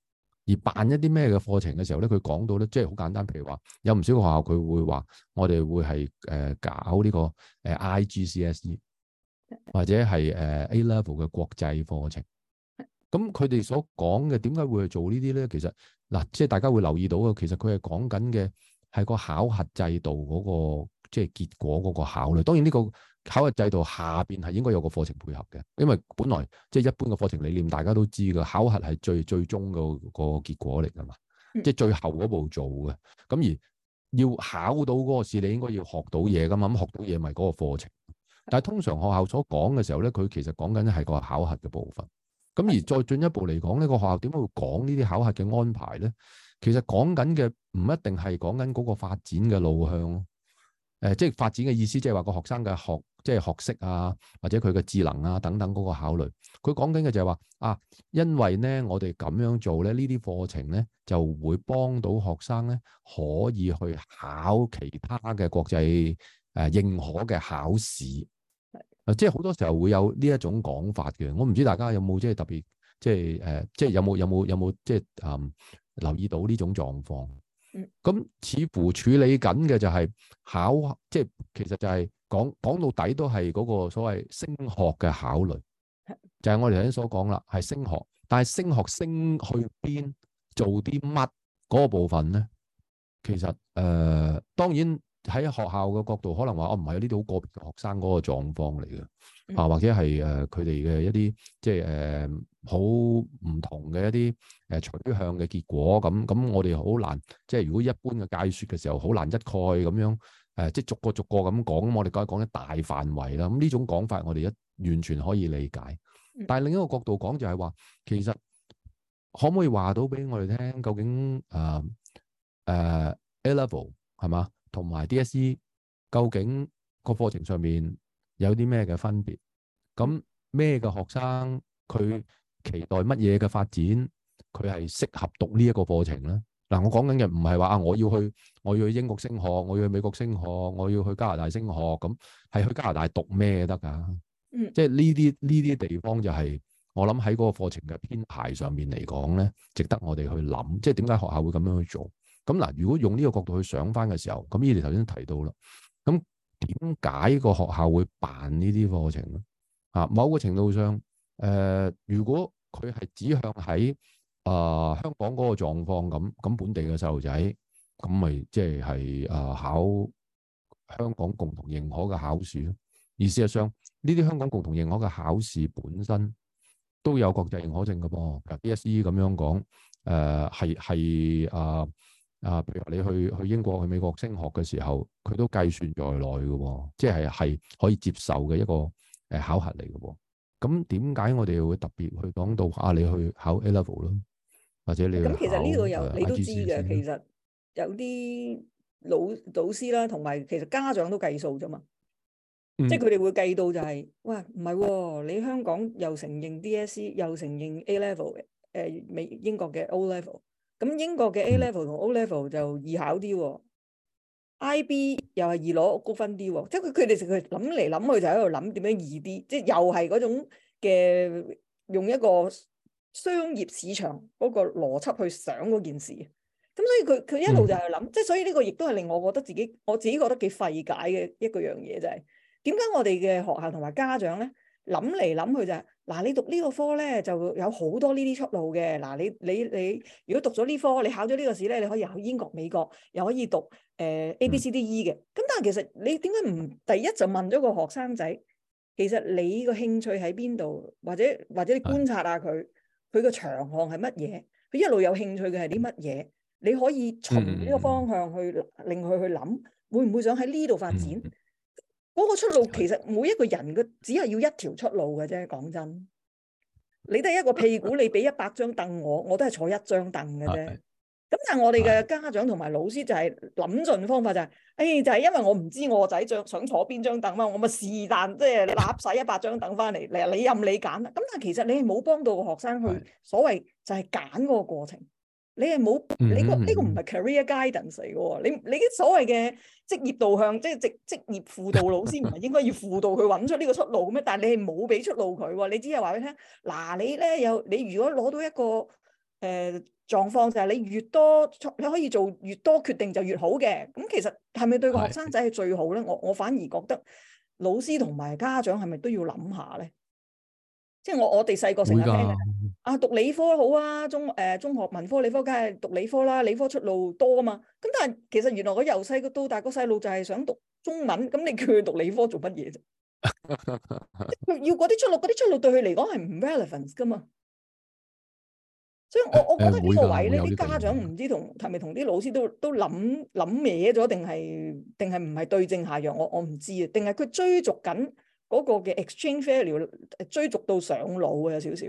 而辦一啲咩嘅課程嘅時候咧，佢講到咧，即係好簡單，譬如話有唔少學校佢會話，我哋會係誒、呃、搞呢、這個誒、呃、IGCSE 或者係誒、呃、A level 嘅國際課程。咁佢哋所講嘅點解會去做呢啲咧？其實嗱，即、啊、係、就是、大家會留意到嘅，其實佢係講緊嘅係個考核制度嗰、那個即係、就是、結果嗰個考慮。當然呢、這個。考核制度下邊係應該有個課程配合嘅，因為本來即係、就是、一般嘅課程理念大家都知㗎，考核係最最終嘅個結果嚟嘅嘛，即、就、係、是、最後嗰步做嘅。咁而要考到嗰個試，你應該要學到嘢噶嘛，咁、嗯、學到嘢咪嗰個課程。但係通常學校所講嘅時候咧，佢其實講緊係個考核嘅部分。咁而再進一步嚟講，呢、這個學校點解會講呢啲考核嘅安排咧？其實講緊嘅唔一定係講緊嗰個發展嘅路向，誒、呃，即係發展嘅意思，即係話個學生嘅學。即係學識啊，或者佢嘅智能啊，等等嗰個考慮。佢講緊嘅就係話啊，因為咧我哋咁樣做咧，呢啲課程咧就會幫到學生咧，可以去考其他嘅國際誒認可嘅考試。啊、呃，即係好多時候會有呢一種講法嘅。我唔知大家有冇即係特別即係誒，即係有冇有冇有冇即係誒留意到呢種狀況。嗯。咁似乎處理緊嘅就係考，即係其實就係。講講到底都係嗰個所謂升學嘅考慮，就係、是、我哋頭先所講啦，係升學。但係升學升去邊，做啲乜嗰個部分咧？其實誒、呃，當然喺學校嘅角度，可能話我唔係呢啲好個別嘅學生嗰個狀況嚟嘅啊，或者係誒佢哋嘅一啲即係誒好唔同嘅一啲誒、呃、取向嘅結果咁。咁我哋好難即係如果一般嘅解說嘅時候，好難一概咁樣。誒、呃，即係逐個逐個咁講，咁我哋講講啲大範圍啦。咁、嗯、呢種講法我，我哋一完全可以理解。但係另一個角度講，就係話，其實可唔可以話到俾我哋聽，究竟誒誒、呃呃、A level 係嘛，同埋 DSE 究竟個課程上面有啲咩嘅分別？咁咩嘅學生佢期待乜嘢嘅發展，佢係適合讀呢一個課程咧？嗱，我講緊嘅唔係話啊，我要去，我要去英國升學，我要去美國升學，我要去加拿大升學，咁係去加拿大讀咩得噶？即係呢啲呢啲地方就係、是、我諗喺嗰個課程嘅編排上面嚟講咧，值得我哋去諗，即係點解學校會咁樣去做？咁嗱，如果用呢個角度去想翻嘅時候，咁依啲頭先都提到啦，咁點解個學校會辦呢啲課程啊，某個程度上，誒、呃，如果佢係指向喺。啊、呃，香港嗰個狀況，咁咁本地嘅細路仔，咁咪即係係啊考香港共同認可嘅考試咯。而事實上呢啲香港共同認可嘅考試本身都有國際認可證嘅噃，嗱 DSE 咁樣講誒係係啊啊，譬如你去去英國去美國升學嘅時候，佢都計算在內嘅喎，即係係可以接受嘅一個誒考核嚟嘅噃。咁點解我哋會特別去講到啊？你去考 A Level 咯？或者你咁，其實呢個有你都知嘅。其實有啲老師啦，同埋其實家長都計數啫嘛。即係佢哋會計到就係，哇！唔係喎，你香港又承認 DSE，又承認 A level 嘅誒美英國嘅 O level。咁英國嘅 A level 同 O level 就易考啲喎，IB 又係易攞高分啲喎。即係佢佢哋成日諗嚟諗去就喺度諗點樣易啲，即係又係嗰種嘅用一個商業市場嗰個邏輯去想嗰件事，咁所以佢佢一路就係諗，即係、嗯、所以呢個亦都係令我覺得自己我自己覺得幾費解嘅一個樣嘢就係點解我哋嘅學校同埋家長咧諗嚟諗去就係、是、嗱、啊、你讀呢個科咧就有好多呢啲出路嘅。嗱、啊、你你你如果讀咗呢科，你考咗呢個試咧，你可以考英國、美國，又可以讀誒 A、B、呃、C、D、E 嘅。咁但係其實你點解唔第一就問咗個學生仔，其實你個興趣喺邊度，或者或者你觀察下佢？嗯佢個長項係乜嘢？佢一路有興趣嘅係啲乜嘢？嗯、你可以從呢個方向去令佢去諗，會唔會想喺呢度發展？嗰、嗯、個出路其實每一個人嘅只係要一條出路嘅啫。講真，你得一個屁股，你俾一百張凳我，我都係坐一張凳嘅啫。咁但係我哋嘅家長同埋老師就係諗盡方法就係、是，誒的、哎、就係、是、因為我唔知我個仔想想坐邊張凳啊，我咪、就是但即係立晒一百張凳翻嚟，嚟你任你揀啦。咁但係其實你係冇幫到個學生去所謂就係揀嗰個過程，你係冇呢個呢個唔係 career guidance 嚟嘅。你、這個 er、你啲所謂嘅職業導向，即係職職業輔導老師唔係應該要輔導佢揾出呢個出路咩？但係你係冇俾出路佢，你只係話俾佢聽嗱，你咧有你如果攞到一個誒。呃狀況就係你越多，你可以做越多決定就越好嘅。咁其實係咪對個學生仔係最好咧？我的我反而覺得老師同埋家長係咪都要諗下咧？即、就、係、是、我我哋細個成日聽的啊，讀理科好啊，中誒、呃、中學文科理科梗係讀理科啦，理科出路多啊嘛。咁但係其實原來我由細個到大個細路就係想讀中文，咁你叫佢讀理科做乜嘢啫？ 要嗰啲出路，嗰啲出路對佢嚟講係唔 relevant 噶嘛？所以我我覺得呢個位咧，啲的家長唔知同係咪同啲老師都都諗諗歪咗，定係定係唔係對症下藥？我我唔知啊，定係佢追逐緊嗰個嘅 exchange failure，追逐到上腦啊有少少。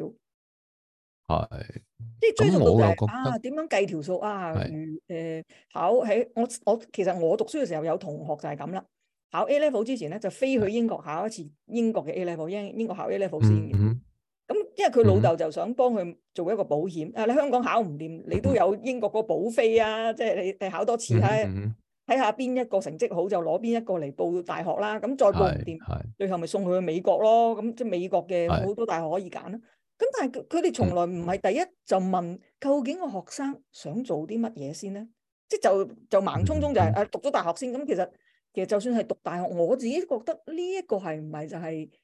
係是，即係追逐到、就是、啊，點樣計條數啊？如誒是考喺我我其實我讀書嘅時候有同學就係咁啦，考 A level 之前咧就飛去英國考一次英國嘅 A level，英英國考 A level 先。嗯嗯咁，因為佢老豆就想幫佢做一個保險。嗯、啊，你香港考唔掂，你都有英國個保費啊。嗯、即係你，你考多次睇睇、嗯嗯、下邊一個成績好，就攞邊一個嚟報大學啦。咁、嗯、再報唔掂，嗯嗯、最後咪送佢去美國咯。咁即係美國嘅好多大學可以揀啦。咁、嗯、但係佢哋從來唔係第一就問究竟個學生想做啲乜嘢先咧。即係就就盲衝衝就係、是嗯嗯、啊讀咗大學先。咁其實其實就算係讀大學，我自己覺得呢一個係唔係就係、是。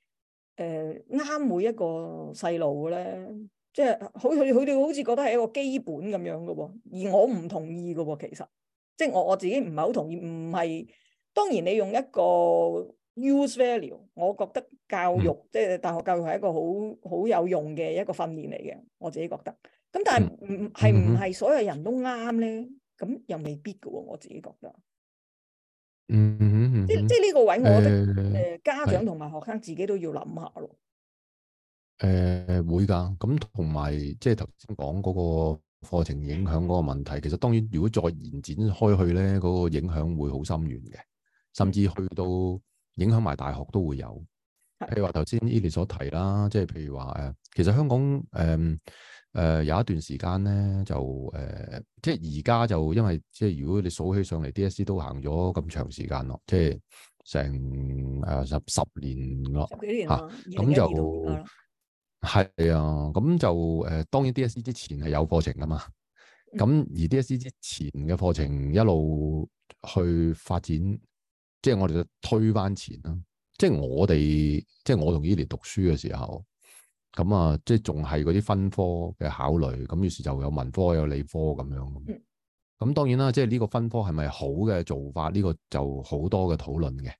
誒啱、嗯、每一個細路嘅咧，即係佢佢佢哋好似覺得係一個基本咁樣嘅喎，而我唔同意嘅喎，喔，其實即係我我自己唔係好同意，唔係，當然你用一個 use value，我覺得教育、嗯、即係大學教育係一個好好有用嘅一個訓練嚟嘅，我自己覺得。咁但係唔係唔係所有人都啱咧，咁又未必嘅喎，喔，我自己覺得。嗯。即即呢個位，我誒家長同埋學生自己都要諗下咯。誒、呃、會㗎，咁同埋即係頭先講嗰個課程影響嗰個問題，其實當然如果再延展開去咧，嗰、嗰個影響會好深遠嘅，甚至去到影響埋大學都會有。如 e 就是、譬如話頭先 Eli 所提啦，即係譬如話誒，其實香港誒。呃誒、呃、有一段時間咧，就誒、呃、即係而家就因為即係如果你數起上嚟，D.S.C. 都行咗咁長時間咯，即係成誒十十年咯，十幾年啦，咁就係啊，咁就誒、啊呃、當然 D.S.C. 之前係有課程噶嘛，咁、嗯、而 D.S.C. 之前嘅課程一路去發展，即係我哋就推翻前啦，即係我哋即係我同伊蓮讀書嘅時候。咁啊，即係仲係嗰啲分科嘅考慮，咁於是就有文科有理科咁樣。咁當然啦，即係呢個分科係咪好嘅做法？呢個就好多嘅討論嘅。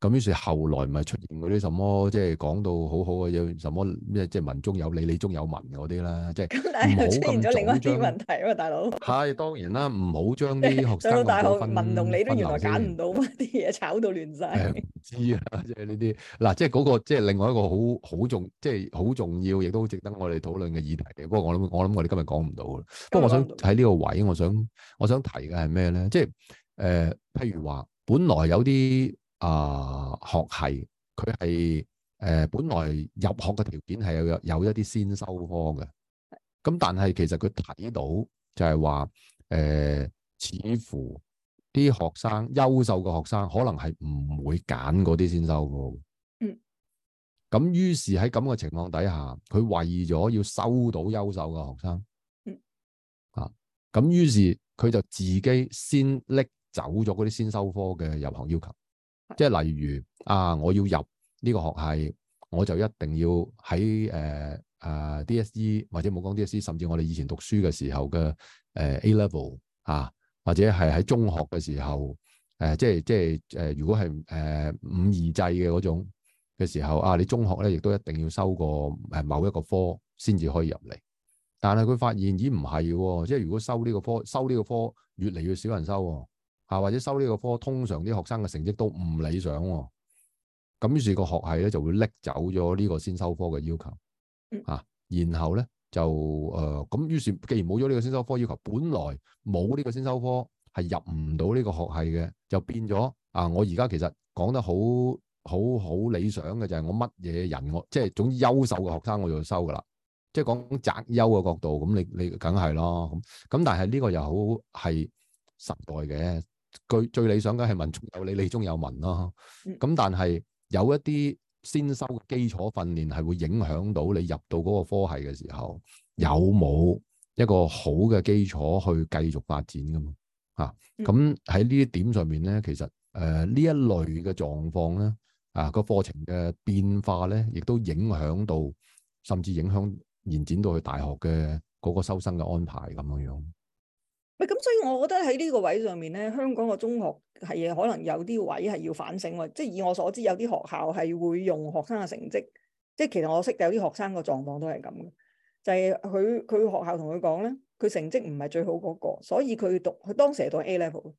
咁於是後來咪出現嗰啲什麼、啊，即係講到好好嘅，有什麼咩即係文中有理，理中有文嗰啲啦，即係唔好咁重。又出現咗另外一啲問題啊嘛，大佬。係 當然啦，唔好將啲學生分到大學，文同你都原來揀唔到，啲嘢 炒到亂晒，唔、 嗯、知啊，即係呢啲嗱，即係嗰個即係、就是、另外一個好好重，即係好重要，亦都好值得我哋討論嘅議題嘅。不過我諗，我諗我哋今日講唔到。不過我想喺呢個位，我想我想提嘅係咩咧？即係誒，譬如話，本來有啲。啊，學系佢係誒，本來入學嘅條件係有有一啲先修科嘅，咁但係其實佢睇到就係話誒，似乎啲學生優秀嘅學生可能係唔會揀嗰啲先修科。嗯，咁於是喺咁嘅情況底下，佢為咗要收到優秀嘅學生，嗯，啊，咁於是佢就自己先拎走咗嗰啲先修科嘅入學要求。即係例如啊，我要入呢個學系，我就一定要喺誒誒、呃呃、DSE 或者冇講 DSE，甚至我哋以前讀書嘅時候嘅誒、呃、A level 啊，或者係喺中學嘅時候，誒、呃、即係即係誒如果係誒、呃、五二制嘅嗰種嘅時候啊，你中學咧亦都一定要修過誒某一個科先至可以入嚟。但係佢發現咦唔係，即係如果收呢個科，收呢個科越嚟越少人收、哦。啊，或者收呢個科，通常啲學生嘅成績都唔理想、哦，咁於是個學系咧就會拎走咗呢個先修科嘅要求，啊，然後咧就誒，咁、呃、於是既然冇咗呢個先修科要求，本來冇呢個先修科係入唔到呢個學系嘅，就變咗啊！我而家其實講得好好好理想嘅就係、是、我乜嘢人我即係總之優秀嘅學生我就收噶啦，即係講擇優嘅角度，咁你你梗係咯，咁咁但係呢個又好係實在嘅。最最理想嘅係文中有理，理中有文咯、啊。咁但係有一啲先修嘅基礎訓練係會影響到你入到嗰個科系嘅時候，有冇一個好嘅基礎去繼續發展噶嘛？吓、啊，咁喺呢啲點上面咧，其實誒呢、呃、一類嘅狀況咧，啊個課程嘅變化咧，亦都影響到，甚至影響延展到去大學嘅嗰個收生嘅安排咁樣樣。唔咁，所以我覺得喺呢個位上面咧，香港嘅中學係可能有啲位係要反省喎。即係以我所知，有啲學校係會用學生嘅成績。即係其實我識有啲學生個狀況都係咁嘅，就係佢佢學校同佢講咧，佢成績唔係最好嗰、那個，所以佢讀佢當時係到 A level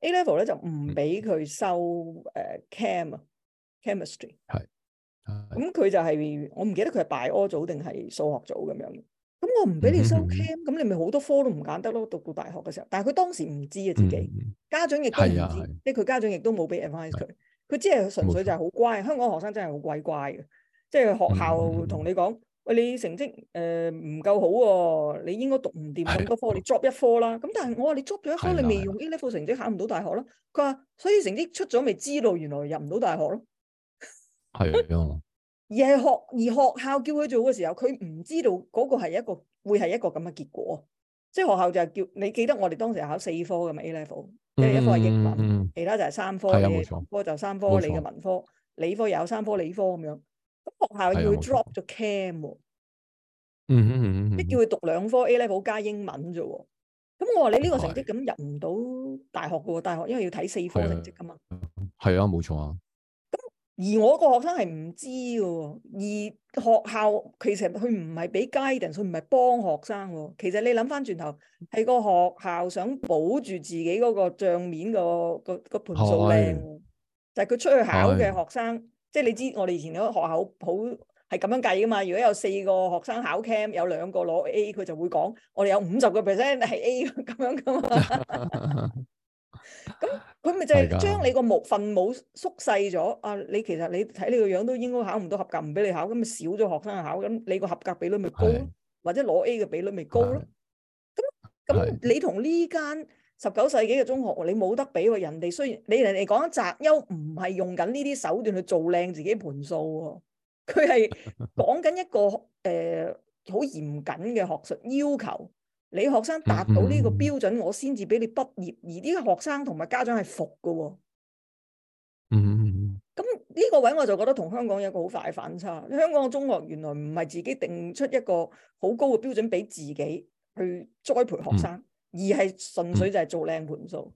a。A level 咧就唔俾佢收誒 chem 啊 chemistry。係。咁佢就係、是、我唔記得佢係 bio 組定係數學組咁樣。我唔俾你收 cam，咁你咪好多科都唔揀得咯。讀到大學嘅時候，但係佢當時唔知啊自己，家長亦都唔知，即係佢家長亦都冇俾 advice 佢。佢、啊啊、只係純粹就係好乖，錯香港學生真係好乖乖嘅。即、就、係、是、學校同你講，嗯嗯喂，你成績誒唔夠好、啊，你應該讀唔掂咁多科，你 drop 一科啦。咁但係我話你 drop 咗一科，你未用 A level 成績考唔到大學咯。佢話、啊、所以成績出咗，咪知道原來入唔到大學咯。係 啊。而係學而學校叫佢做嘅時候，佢唔知道嗰個係一個會係一個咁嘅結果。即係學校就係叫你記得我哋當時考四科噶嘛 A level，即係一科係英文，嗯、其他就係三科嘅科就三科，嗯嗯、你嘅錯文科、錯理科又有三科理科咁樣。咁學校要 drop 咗 Cam，嗯嗯嗯嗯，嗯嗯即叫佢讀兩科 A level 加英文啫。咁、嗯嗯嗯、我話你呢個成績咁入唔到大學噶，大學因為要睇四科成績噶嘛。係啊、嗯，冇錯啊。而我個學生係唔知嘅，而學校其實佢唔係俾 guidance，佢唔係幫學生。其實你諗翻轉頭，係個學校想保住自己嗰個帳面個個個盤數靚，是就係佢出去考嘅學生，是即係你知我哋以前嗰個學校好係咁樣計嘅嘛。如果有四個學生考 Cam，有兩個攞 A，佢就會講我哋有五十個 percent 係 A 咁樣嘛。」 咁佢咪就係將你個分的分母縮細咗？啊，你其實你睇你個樣都應該考唔到合格，唔俾你考，咁咪少咗學生考，咁你個合格比率咪高，的或者攞 A 嘅比率咪高咯？咁咁的你同呢間十九世紀嘅中學，你冇得比喎。人哋雖然你人哋講擇優，唔係用緊呢啲手段去做靚自己盤數，佢係講緊一個誒好嚴謹嘅學術要求。你學生達到呢個標準，mm hmm. 我先至俾你畢業，而啲學生同埋家長係服嘅。嗯、mm，咁、hmm. 呢個位我就覺得同香港有一個好大反差。香港嘅中學原來唔係自己定出一個好高嘅標準俾自己去栽培學生，mm hmm. 而係純粹就係做靚盤數。Mm hmm.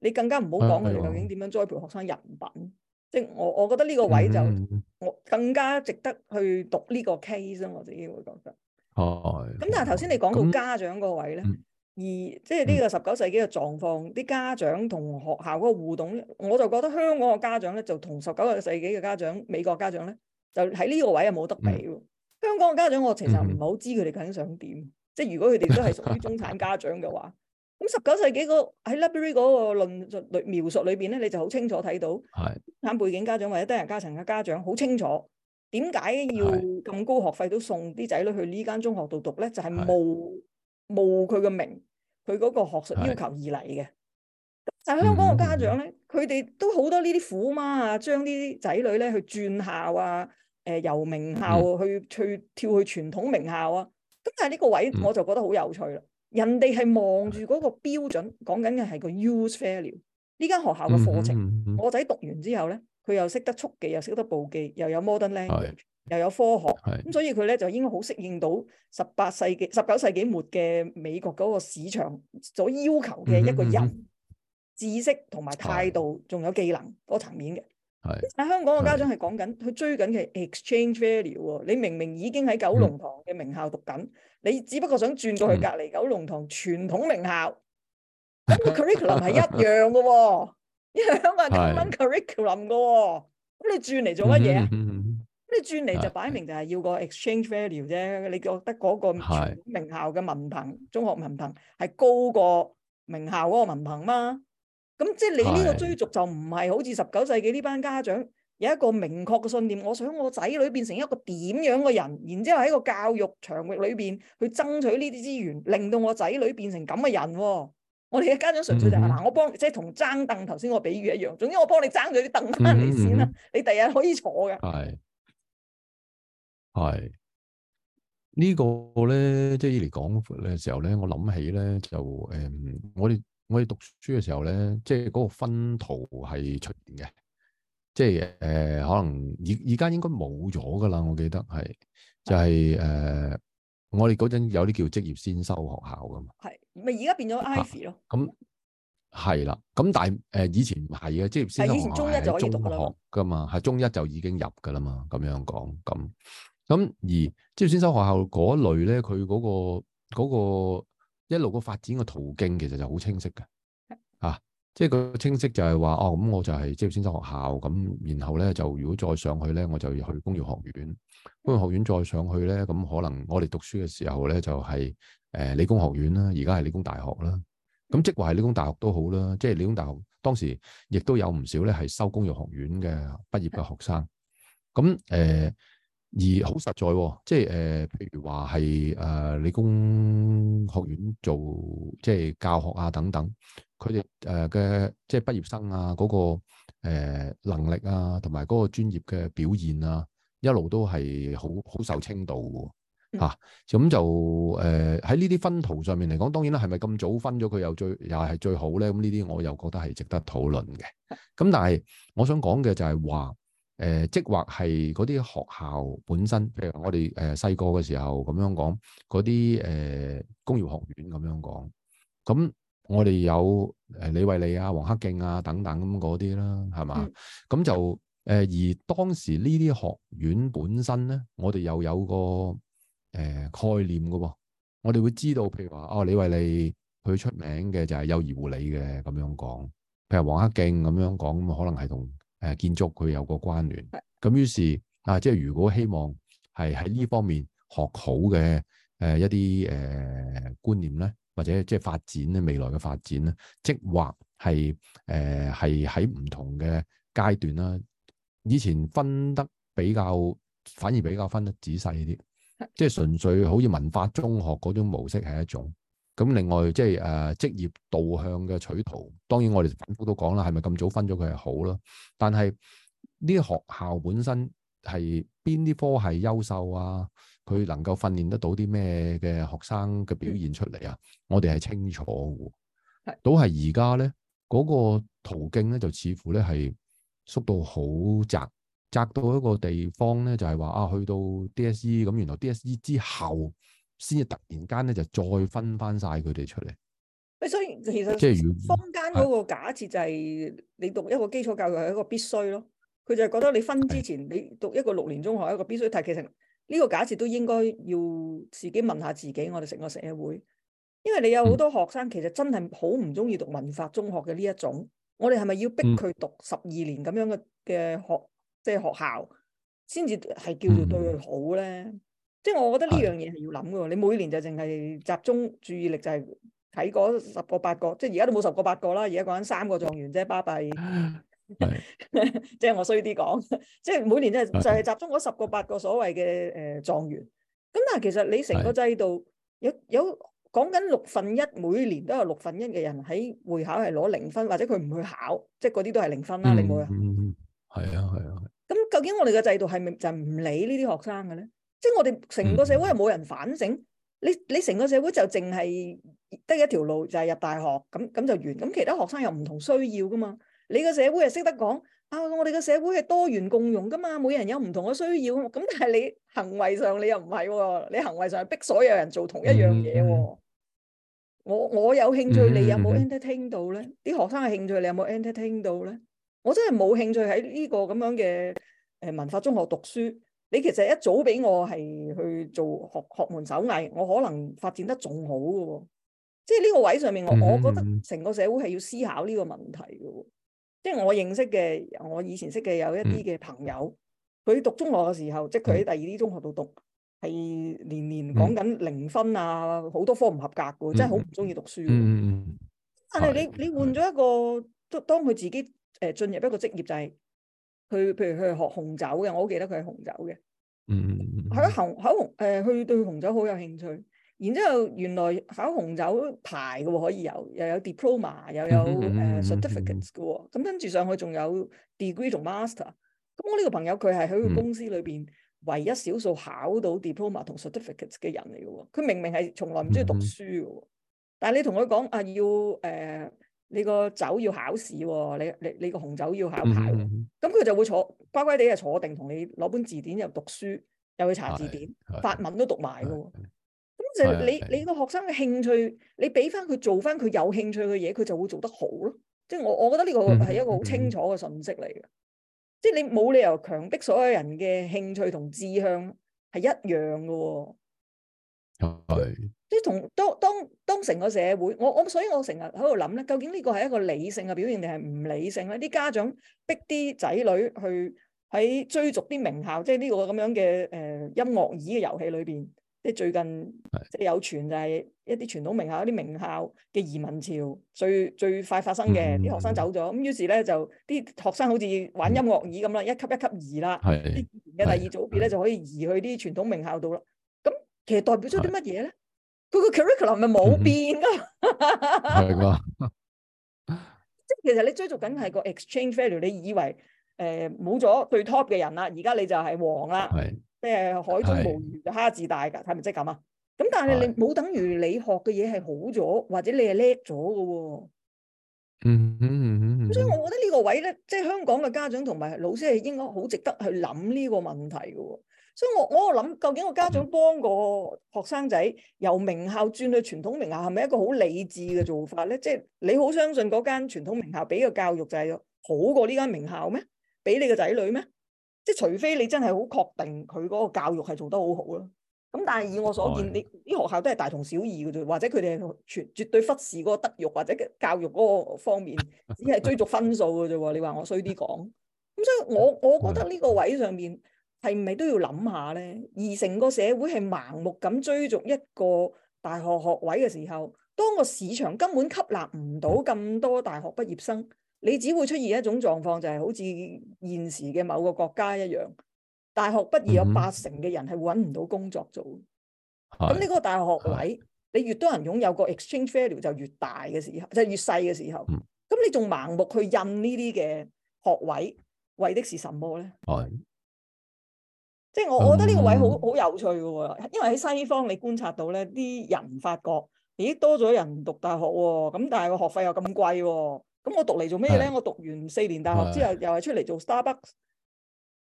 你更加唔好講佢哋究竟點樣栽培學生人品。即係、mm hmm. 我我覺得呢個位就、mm hmm. 我更加值得去讀呢個 case 啊！我自己會覺得。哦，咁但係頭先你講到家長位、嗯、個位咧，而即係呢個十九世紀嘅狀況，啲、嗯、家長同學校嗰個互動，我就覺得香港嘅家長咧就同十九世紀嘅家長、美國家長咧，就喺呢個位係冇得比。嗯、香港嘅家長我其實唔係好知佢哋究竟想點，嗯、即係如果佢哋都係屬於中產家長嘅話，咁十九世紀嗰喺 library 嗰個論述描述裏邊咧，你就好清楚睇到，係中產背景家長或者低人家層嘅家長好清楚。點解要咁高學費都送啲仔女去呢間中學度讀咧？就係冒冒佢個名，佢嗰個學術要求而嚟嘅。是但係香港個家長咧，佢哋都好多呢啲苦媽啊，將啲仔女咧去轉校啊，誒、呃，由名校去是去、去跳去傳統名校啊。咁但係呢個位我就覺得好有趣啦。是人哋係望住嗰個標準，講緊嘅係個 use value 呢間學校嘅課程。是我仔讀完之後咧。佢又識得速記，又識得簿記，又有 modern language，又有科學，咁是所以佢咧就應該好適應到十八世紀、十九世紀末嘅美國嗰個市場所要求嘅一個人嗯嗯嗯嗯知識同埋態度，仲是有技能嗰、那個層面嘅。喺是香港嘅家長係講緊佢追緊嘅 exchange value 喎，你明明已經喺九龍塘嘅名校讀緊，嗯、你只不過想轉過去隔離九龍塘傳統名校，嗯、個 curriculum 係一樣嘅喎。 因為香港係英文 curriculum 噶、哦，咁你轉嚟做乜嘢啊？咁 你轉嚟就擺明就係要個 exchange value 啫。你覺得嗰個名校嘅文憑， 中學文憑係高過名校嗰個文憑嘛？咁即係你呢個追逐就唔係好似十九世紀呢班家長有一個明確嘅信念，我想我仔女變成一個點樣嘅人，然之後喺個教育場域裏邊去爭取呢啲資源，令到我仔女變成咁嘅人、哦。我哋嘅家長純粹就係、是、嗱，嗯、我幫你即係同爭凳，頭先個比喻一樣。總之我幫你爭咗啲凳翻嚟先啦，嗯嗯、你第日可以坐嘅。係，係、這個、呢個咧，即係以嚟講嘅時候咧，我諗起咧就誒、嗯，我哋我哋讀書嘅時候咧，即係嗰個分途係出現嘅，即係誒，可能而而家應該冇咗噶啦。我記得係就係、是、誒的、呃，我哋嗰陣有啲叫職業先修學校噶嘛。係。咪而家變咗 Ivy 咯，咁係啦，咁、嗯、但係誒、呃、以前唔係嘅，職業先修學校係中學噶嘛，係、嗯、中一就已經入噶啦嘛，咁樣講。咁、嗯、咁、嗯、而職業先修學校嗰類咧，佢嗰、嗰個、嗰個、一路個發展嘅途徑其實就好清晰嘅，的啊。即係佢清晰就係話，哦咁我就係職業先修學校咁，然後咧就如果再上去咧，我就要去工業學院。工業學院再上去咧，咁可能我哋讀書嘅時候咧就係、是、誒理工學院啦，而家係理工大學啦。咁即係話係理工大學都好啦，即、就、係、是、理工大學當時亦都有唔少咧係收工業學院嘅畢業嘅學生。咁誒、呃、而好實在、哦，即係誒、呃、譬如話係誒理工學院做即係、就是、教學啊等等。佢哋誒嘅即係畢業生啊，嗰、嗰個、呃、能力啊，同埋嗰個專業嘅表現啊，一路都係好好受稱道嘅咁、啊、就誒喺呢啲分途上面嚟講，當然啦，係咪咁早分咗佢又最又係最好咧？咁呢啲我又覺得係值得討論嘅。咁、嗯、但係我想講嘅就係話誒，即或係嗰啲學校本身，譬如我哋誒細個嘅時候咁樣講嗰啲誒工業學院咁樣講咁。嗯我哋有誒李惠利啊、黃克競啊等等咁嗰啲啦，係嘛？咁、嗯、就誒、呃，而當時呢啲學院本身咧，我哋又有個誒、呃、概念㗎喎、哦。我哋會知道，譬如話哦，李惠利佢出名嘅就係幼兒護理嘅咁樣講，譬如黃克競咁樣講，咁可能係同誒建築佢有個關聯。咁於是啊，即係如果希望係喺呢方面學好嘅誒、呃、一啲誒、呃、觀念咧。或者即係發展咧，未來嘅發展咧，即或係誒係喺唔同嘅階段啦。以前分得比較，反而比較分得仔細啲，即係純粹好似文化中學嗰種模式係一種。咁另外即係誒職業導向嘅取途，當然我哋反覆都講啦，係咪咁早分咗佢係好咯？但係呢啲學校本身係邊啲科係優秀啊？佢能夠訓練得到啲咩嘅學生嘅表現出嚟啊？嗯、我哋係清楚嘅，是都係而家咧嗰個途徑咧就似乎咧係縮到好窄，窄到一個地方咧就係、是、話啊，去到 DSE 咁、嗯，原來 DSE 之後先至突然間咧就再分翻晒佢哋出嚟。所以其實坊間嗰個假設就係你讀一個基礎教育係一個必須咯，佢就係覺得你分之前你讀一個六年中學係一個必須提，但其實。呢個假設都應該要自己問下自己，我哋成個社會，因為你有好多學生其實真係好唔中意讀文法中學嘅呢一種，我哋係咪要逼佢讀十二年咁、嗯、樣嘅嘅學即係學校先至係叫做對佢好咧？嗯、即係我覺得呢樣嘢係要諗嘅喎。的你每年就淨係集中注意力就係睇嗰十個八個，即係而家都冇十個八個啦，而家講緊三個狀元啫，巴閉。係，即係 我衰啲講，即、就、係、係、每年就就係集中嗰十個八個所謂嘅誒狀元，咁但係其實你成個制度有有講緊六分一，每年都有六分一嘅人喺會考係攞零分，或者佢唔去考，即係嗰啲都係零分啦。你冇、嗯嗯、啊？嗯嗯，係啊係啊。咁、啊、究竟我哋嘅制度係咪就唔理呢啲學生嘅咧？即係我哋成個社會係冇人反省，嗯、你你成個社會就淨係得一條路就係、係、入大學，咁咁就完，咁其他學生又唔同需要噶嘛？你個社會係識得講啊！我哋個社會係多元共融㗎嘛，每人有唔同嘅需要咁。但係你行為上你又唔係喎，你行為上係逼所有人做同一樣嘢喎。我我有興趣，你有冇 entertaining 到咧？啲學生嘅興趣你有冇 entertaining 到咧？我真係冇興趣喺呢個咁樣嘅誒文化中學讀書。你其實一早俾我係去做學學門手藝，我可能發展得仲好嘅喎。即係呢個位上面，我覺得成個社會係要思考呢個問題嘅喎。即係我認識嘅，我以前識嘅有一啲嘅朋友，佢讀中學嘅時候，嗯、即係佢喺第二啲中學度讀，係年年講緊零分啊，好、嗯、多科唔合格嘅，真係好唔中意讀書。嗯嗯、但係你是你換咗一個，當當佢自己誒進、呃、入一個職業就係、是、佢，譬如佢係學紅酒嘅，我好記得佢係紅酒嘅，係、嗯嗯、紅係紅誒，佢、呃、對紅酒好有興趣。然之後，原來考紅酒牌嘅可以有，又有 diploma，又有誒 certificates 嘅。咁跟住上去仲有 degree 同 master。咁我呢個朋友佢係喺個公司裏邊唯一少數考到 diploma 同 certificates 嘅人嚟嘅喎。佢明明係從來唔中意讀書嘅，嗯嗯嗯嗯，但係你同佢講啊，要誒、呃、你個酒要考試喎、哦，你你你個紅酒要考牌喎。咁佢就會坐乖乖地啊，坐定，同你攞本字典又讀書，又去查字典，法文都讀埋嘅。咁就你是的 你個學生嘅興趣，你俾翻佢做翻佢有興趣嘅嘢，佢就會做得好咯。即係我我覺得呢個係一個好清楚嘅信息嚟嘅。 即係你冇理由強迫所有人嘅興趣同志向係一樣噶、哦。係是的，即係同當當當成個社會，我我所以我成日喺度諗咧，究竟呢個係一個理性嘅表現定係唔理性咧？啲家長逼啲仔女去喺追逐啲名校，即係呢個咁樣嘅誒、呃、音樂椅嘅遊戲裏邊。即係最近，即係有傳就係一啲傳統名校、一啲名校嘅移民潮最最快發生嘅，啲學生走咗，咁於是咧就啲學生好似玩音樂椅咁啦，一級一級移啦，啲嘅第二組別咧就可以移去啲傳統名校度啦。咁其實代表咗啲乜嘢咧？佢個 curriculum 係咪冇變咯，即係其實你追逐緊係個 exchange value，你以為誒冇咗最 top 嘅人啦，而家你就係黃啦。即係海中無魚，蝦是自大噶，係咪即係咁啊？咁但係你冇等於你學嘅嘢係好咗，或者你係叻咗噶喎。嗯嗯嗯嗯。所以我覺得呢個位咧，即係香港嘅家長同埋老師係應該好值得去諗呢個問題噶喎。所以我我諗，究竟個家長幫個學生仔由名校轉去傳統名校，係咪一個好理智嘅做法咧？即係你好相信嗰間傳統名校俾個教育就係好過呢間名校咩？俾你個仔女咩？即除非你真係好確定佢嗰個教育係做得好好咯，咁但係以我所見，你啲、哎、呀學校都係大同小異嘅啫，或者佢哋係全絕對忽視嗰個德育或者教育嗰個方面，只係追逐分數嘅啫，你話我衰啲講，咁所以我我覺得呢個位上面係唔係都要諗下咧？而成個社會係盲目咁追逐一個大學學位嘅時候，當個市場根本吸納唔到咁多大學畢業生。你只會出現一種狀況，就係、是、好似現時嘅某個國家一樣，大學畢業有八成嘅人係揾唔到工作做。咁呢嗰個大學位，嗯嗯、你越多人擁有個 exchange value 就越大嘅時候，即係越細嘅時候。咁、嗯、你仲盲目去印呢啲嘅學位，為的是什麼咧？係、嗯嗯、即係我，我覺得呢個位好好有趣嘅喎、哦，因為喺西方你觀察到咧，啲人發覺咦多咗人讀大學喎、哦，咁但係個學費又咁貴喎。咁我讀嚟做咩咧？是我讀完四年大學之後，是又係出嚟做 Starbucks，是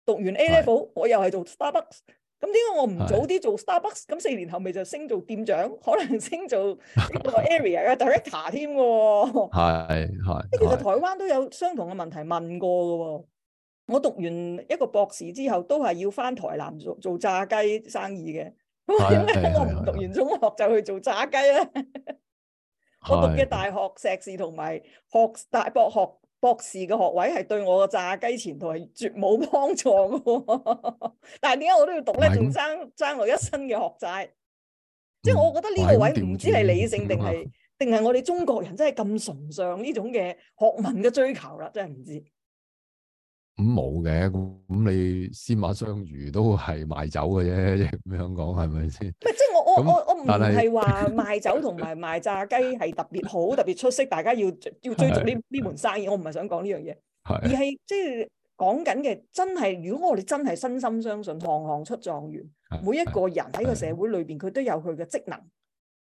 讀完 A level 是我又係做 Starbucks。咁點解我唔早啲做 Starbucks？咁是四年後咪就升做店長，可能升做一個 Area 嘅 Director 添嘅。係係，呢其實台灣都有相同嘅問題問過㗎。我讀完一個博士之後，都係要翻台南做做炸雞生意嘅。咁點解我唔讀完中學就去做炸雞咧？ 我讀嘅大學碩士同埋學大博學、博學博士嘅學位係對我嘅炸雞前途係絕冇幫助嘅， 但係點解我都要讀咧？仲爭爭落一身嘅學債，是即係我覺得呢個位唔是知係理性定係定係我哋中國人真係咁崇尚呢種嘅學問嘅追求啦，真係唔知。咁冇嘅，咁你司馬相如都係賣酒嘅啫，咁樣講係咪先？是 那我我唔係話賣酒同埋賣炸雞係特別好 特別出色。大家要要追逐呢呢門生意，是是是我唔係想講呢樣嘢，是是而係即係講緊嘅真係，如果我哋真係真心相信行行出狀元，是是每一個人喺個社會裏邊佢都有佢嘅職能。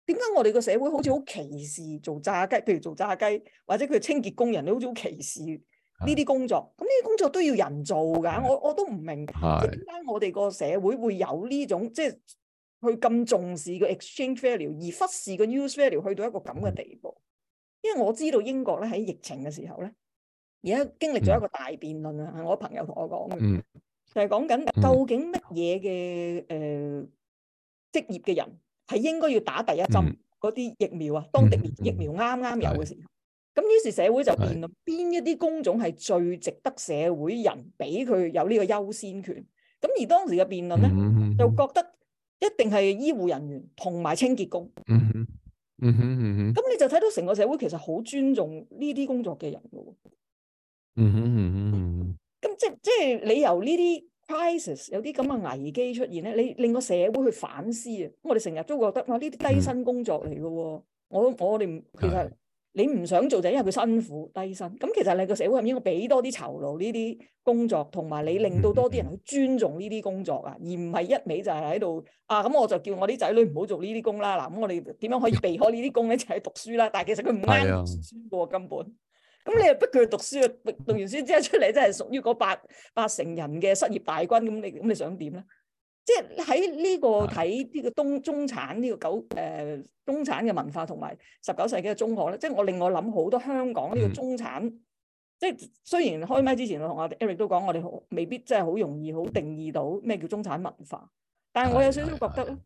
點解我哋個社會好似好歧視做炸雞？譬如做炸雞或者佢清潔工人，你好似好歧視呢啲工作。咁呢啲工作都要人做㗎是是，我我都唔明點解我哋個社會會有呢種即係。即係去咁重視個 exchange value 而忽視個 use value 去到一個咁嘅地步，因為我知道英國咧喺疫情嘅時候咧，而家經歷咗一個大辯論啊，係、嗯、我朋友同我講嘅，嗯、就係講緊究竟乜嘢嘅誒職業嘅人係應該要打第一針嗰啲疫苗啊？當疫苗啱啱有嘅時候，咁於、嗯嗯嗯嗯、是社會就辯論邊一啲工種係最值得社會人俾佢有呢個優先權。咁而當時嘅辯論咧，就覺得。一定係醫護人員同埋清潔工，嗯哼，嗯哼，嗯哼，咁你就睇到成個社會其實好尊重呢啲工作嘅人噶喎，嗯，嗯哼，嗯哼，咁即係即係你由呢啲 crises 有啲咁嘅危機出現咧，你令個社會去反思，嗯，啊！我哋成日都覺得哇，呢啲低薪工作嚟，噶喎，我我哋其實。你唔想做就因為佢辛苦低薪，咁其實你個社會係咪應該俾多啲酬勞呢啲工作，同埋你令到多啲人去尊重呢啲工作啊，而唔係一味就係喺度啊咁我就叫我啲仔女唔好做呢啲工啦。嗱、啊，咁我哋點樣可以避開呢啲工咧？就喺、是、讀書啦。但係其實佢唔啱讀書嘅根本，咁你又逼佢去讀書啊？讀完書之後出嚟真係屬於嗰八八成人嘅失業大軍，咁你咁你想點咧？即係喺呢個睇呢個中中產呢個九誒、呃、中產嘅文化同埋十九世紀嘅中學咧，即係我令我諗好多香港呢個中產，嗯、即係雖然開麥之前我同我 Eric 都講我哋未必真係好容易好定義到咩叫中產文化，但係我有少少覺得咧，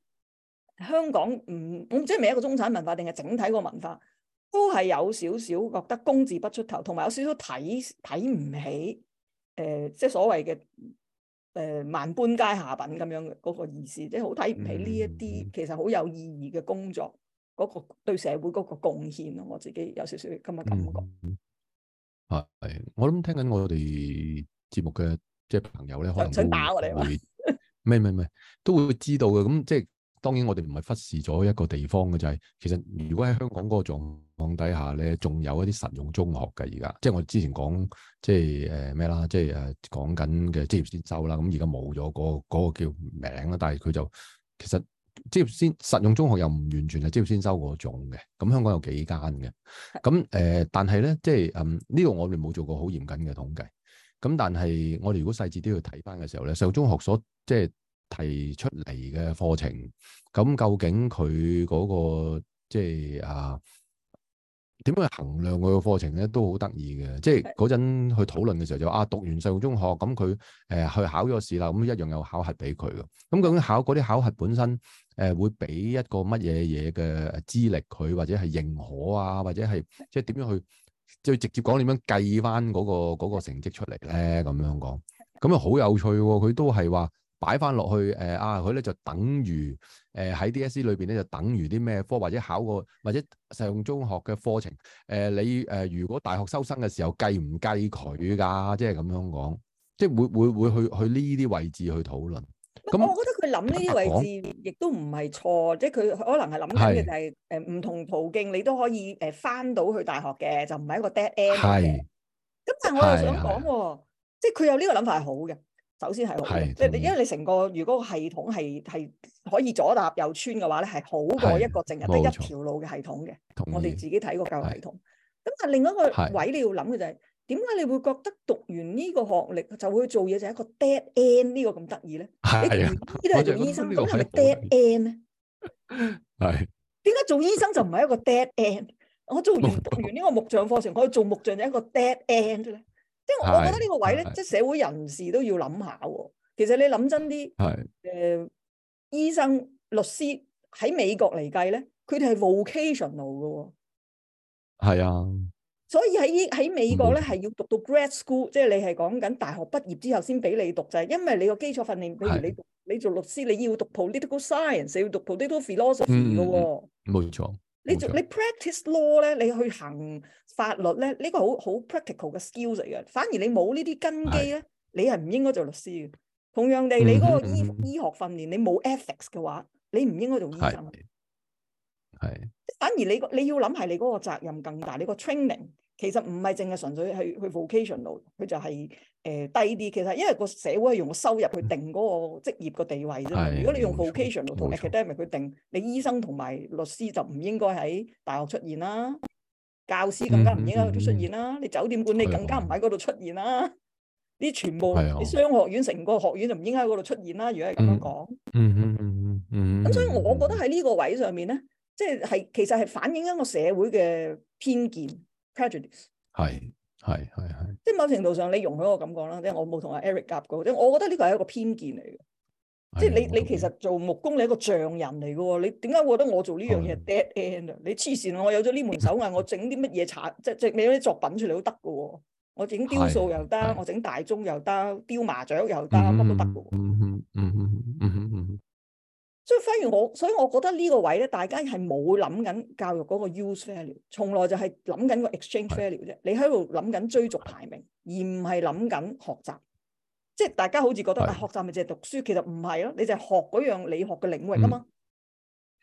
香港唔唔、嗯、即係未一個中產文化定係整體個文化都係有少少覺得工字不出頭，同埋有少少睇睇唔起誒、呃、即係所謂嘅。誒、萬般皆下品咁樣嗰、嗰個意思，即係好睇唔起呢一啲其實好有意義嘅工作嗰、嗯、個對社會嗰個貢獻咯。我自己有少少咁嘅感覺。係係、嗯，我諗聽緊我哋節目嘅即係朋友咧，可能想打都會未未未都會知道嘅。咁即係。當然，我哋唔係忽視咗一個地方嘅就係、是，其實如果喺香港嗰個狀況底下咧，仲有一啲實用中學嘅，而家即係我哋之前講，即係誒咩啦，即係誒、啊、講緊嘅職業先修啦。咁而家冇咗嗰個嗰個叫名啦，但係佢就其實職業先實用中學又唔完全係職業先修嗰種嘅。咁、嗯、香港有幾間嘅，咁、嗯、誒、呃，但係咧，即係嗯呢、這個我哋冇做過好嚴謹嘅統計。咁、嗯、但係我哋如果細緻啲去睇翻嘅時候咧，實用中學所即係。提出嚟嘅課程，咁究竟佢嗰、嗰個即係啊，點樣去衡量佢嘅課程咧？都好得意嘅，即係嗰陣去討論嘅時候就啊，讀完上中學咁佢誒去考咗試啦，咁一樣有考核俾佢嘅。咁究竟考嗰啲考核本身誒、呃、會俾一個乜嘢嘢嘅資歷佢，或者係認可啊，或者係即係點樣去即係直接講點樣計翻嗰個、嗰個成績出嚟咧？咁樣講，咁又好有趣、哦。佢都係話。擺翻落去誒啊，佢咧就等於誒喺 DSE 裏邊咧就等於啲咩科，或者考個或者上中學嘅課程誒，你誒如果大學收生嘅時候計唔計佢噶？即係咁樣講，即係會會會去去呢啲位置去討論。咁我覺得佢諗呢啲位置亦都唔係錯，即係佢可能係諗緊嘅就係誒唔同途徑你都可以誒翻到去大學嘅，就唔係一個 dead end 嘅。係。咁但係我又想講喎，即係佢有呢個諗法係好嘅。首先係好嘅，即係你，因為你成個如果個系統係係可以左搭右穿嘅話咧，係好過一個淨係得一條路嘅系統嘅。意我哋自己睇個教育系統。咁啊是，但另一個位你要諗嘅就係、是，點解是你會覺得讀完呢個學歷就去做嘢就一個 dead end 呢個咁得意咧？係呢度係做醫生，做咩 dead end 咧？係，點解做醫生就唔係一個 dead end？我做完讀完呢個木匠課程，可以做木匠就一個 dead end 咧？即係我，我覺得呢個位咧，的即係社會人士都要諗下喎、啊。其實你諗真啲，誒的、呃，醫生、律師喺美國嚟計咧，佢哋係 vocational 嘅。係啊。的所以喺喺美國咧，係冇錯要讀到 grad school，即係你係講緊大學畢業之後先俾你讀啫。就係、因為你個基礎訓練，譬如你讀的你做律師，你要讀 political science，要讀 political philosophy 嘅、嗯。冇錯、嗯。你做你 practice law 咧，你去行法律咧，呢個好好 practical 嘅 skills 嚟嘅。反而你冇呢啲根基咧，是你係唔應該做律師嘅。同樣地，你嗰個醫嗯嗯嗯醫學訓練你冇 ethics 嘅話，你唔應該做醫生。係，反而你你要諗係你嗰個責任更大，你個 training。其實唔係淨係純粹係去 vocational 佢就係誒低啲。其實因為個社會係用收入去定嗰個職業個地位啫。如果你用 vocational 同埋 academic 去定，你醫生同埋律師就唔應該喺大學出現啦，教師更加唔應該喺度出現啦，你酒店管理更加唔喺嗰度出現啦。呢，全部你商學院成個學院就唔應該喺嗰度出現啦。如果係咁樣講，嗯咁所以我覺得喺呢個位上面咧，即係係其實係反映一個社會嘅偏見。prejudice 係係即係某程度上你容許我咁講啦，即係我冇同阿 Eric 夾過，即係我覺得呢個係一個偏見嚟嘅。的即係你你其實做木工你係一個匠人嚟嘅喎，你點解會覺得我做呢樣嘢 dead end 啊？你黐線，我有咗呢門手藝， 我整啲乜嘢產即係即你啲作品出嚟都得嘅喎。我整雕塑又得，的我整大鐘又得，雕麻雀又得，乜都得嘅喎。 所以反而我，所以我覺得呢個位咧，大家係冇諗緊教育嗰個 use value，從來就係諗緊個 exchange value 啫。你喺度諗緊追逐排名，而唔係諗緊學習。即係大家好似覺得是啊，學習咪就係讀書，其實唔係咯，你就係學嗰樣你學嘅領域啊嘛。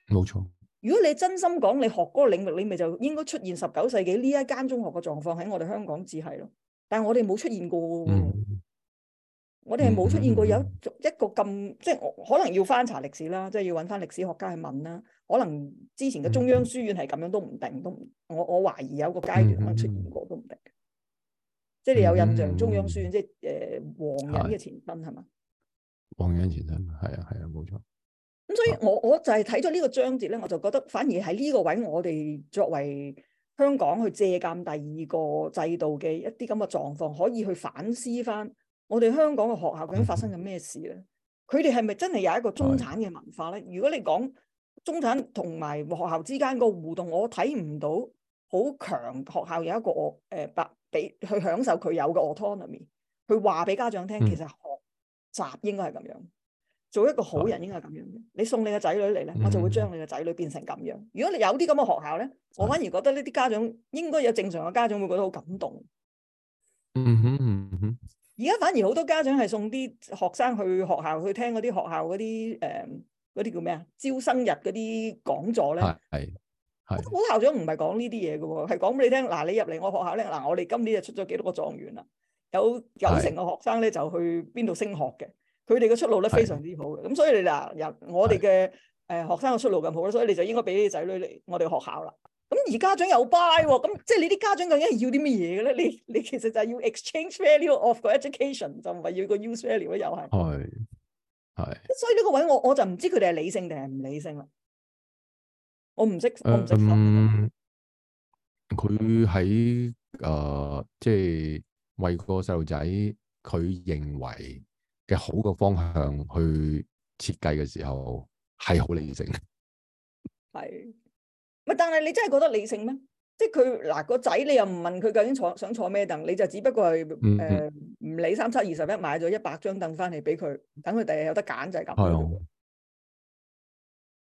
冇錯、嗯。錯，如果你真心講你學嗰個領域，你咪就應該出現十九世紀呢一間中學嘅狀況喺我哋香港至係咯，但係我哋冇出現過。嗯我哋係冇出現過有一個咁，即係可能要翻查歷史啦，即係要揾翻歷史學家去問啦。可能之前嘅中央書院係咁樣都唔定，嗯、都我我懷疑有個階段可能出現過都唔定。嗯、即係你有印象中央書院，嗯、即係誒皇仁嘅前身係嘛？皇仁的吧前身係啊係啊冇錯。咁所以我我就係睇咗呢個章節咧，我就覺得反而喺呢個位，我哋作為香港去借鑒第二個制度嘅一啲咁嘅狀況，可以去反思翻。我哋香港嘅學校究竟發生緊咩事咧？佢哋係咪真係有一個中產嘅文化咧？如果你講中產同埋學校之間個互動，我睇唔到好強，學校有一個我誒白俾去享受佢有嘅 autonomy，去話俾家長聽，其實學習應該係咁樣，做一個好人應該係咁樣嘅。你送你嘅仔女嚟咧，我就會將你嘅仔女變成咁樣。如果你有啲咁嘅學校咧，我反而覺得呢啲家長應該有正常嘅家長會覺得好感動。嗯哼，嗯哼。而家反而好多家長係送啲學生去學校去聽嗰啲學校嗰啲誒啲叫咩啊招生日嗰啲講座咧，係，係，好多校長唔係講呢啲嘢嘅喎，係講俾你聽，嗱、啊、你入嚟我學校咧，嗱、啊、我哋今年就出咗幾多個狀元啦，有九成嘅學生咧就去邊度升學嘅，佢哋嘅出路咧非常之好嘅，咁是所以你嗱入我哋嘅誒學生嘅出路咁好咧，所以你就應該俾啲仔女嚟我哋學校啦。咁而家長又 buy 喎、啊，咁即係你啲家長究竟係要啲咩嘢嘅咧？你你其實就係要 exchange value of 個 education，就唔係要個 use value、啊、又係。係。係。所以呢個位我我就唔知佢哋係理性定係唔理性啦。我唔識，呃、我唔識分。佢喺誒，即係、呃就是、為個細路仔，佢認為嘅好嘅方向去設計嘅時候，係好理性。係。但係你真係覺得理性咩？即係佢嗱個仔，你又唔問佢究竟坐想坐咩凳，你就只不過係誒唔理三七二十一，買咗一百張凳翻嚟俾佢，等佢第日有得揀就係、是、咁。係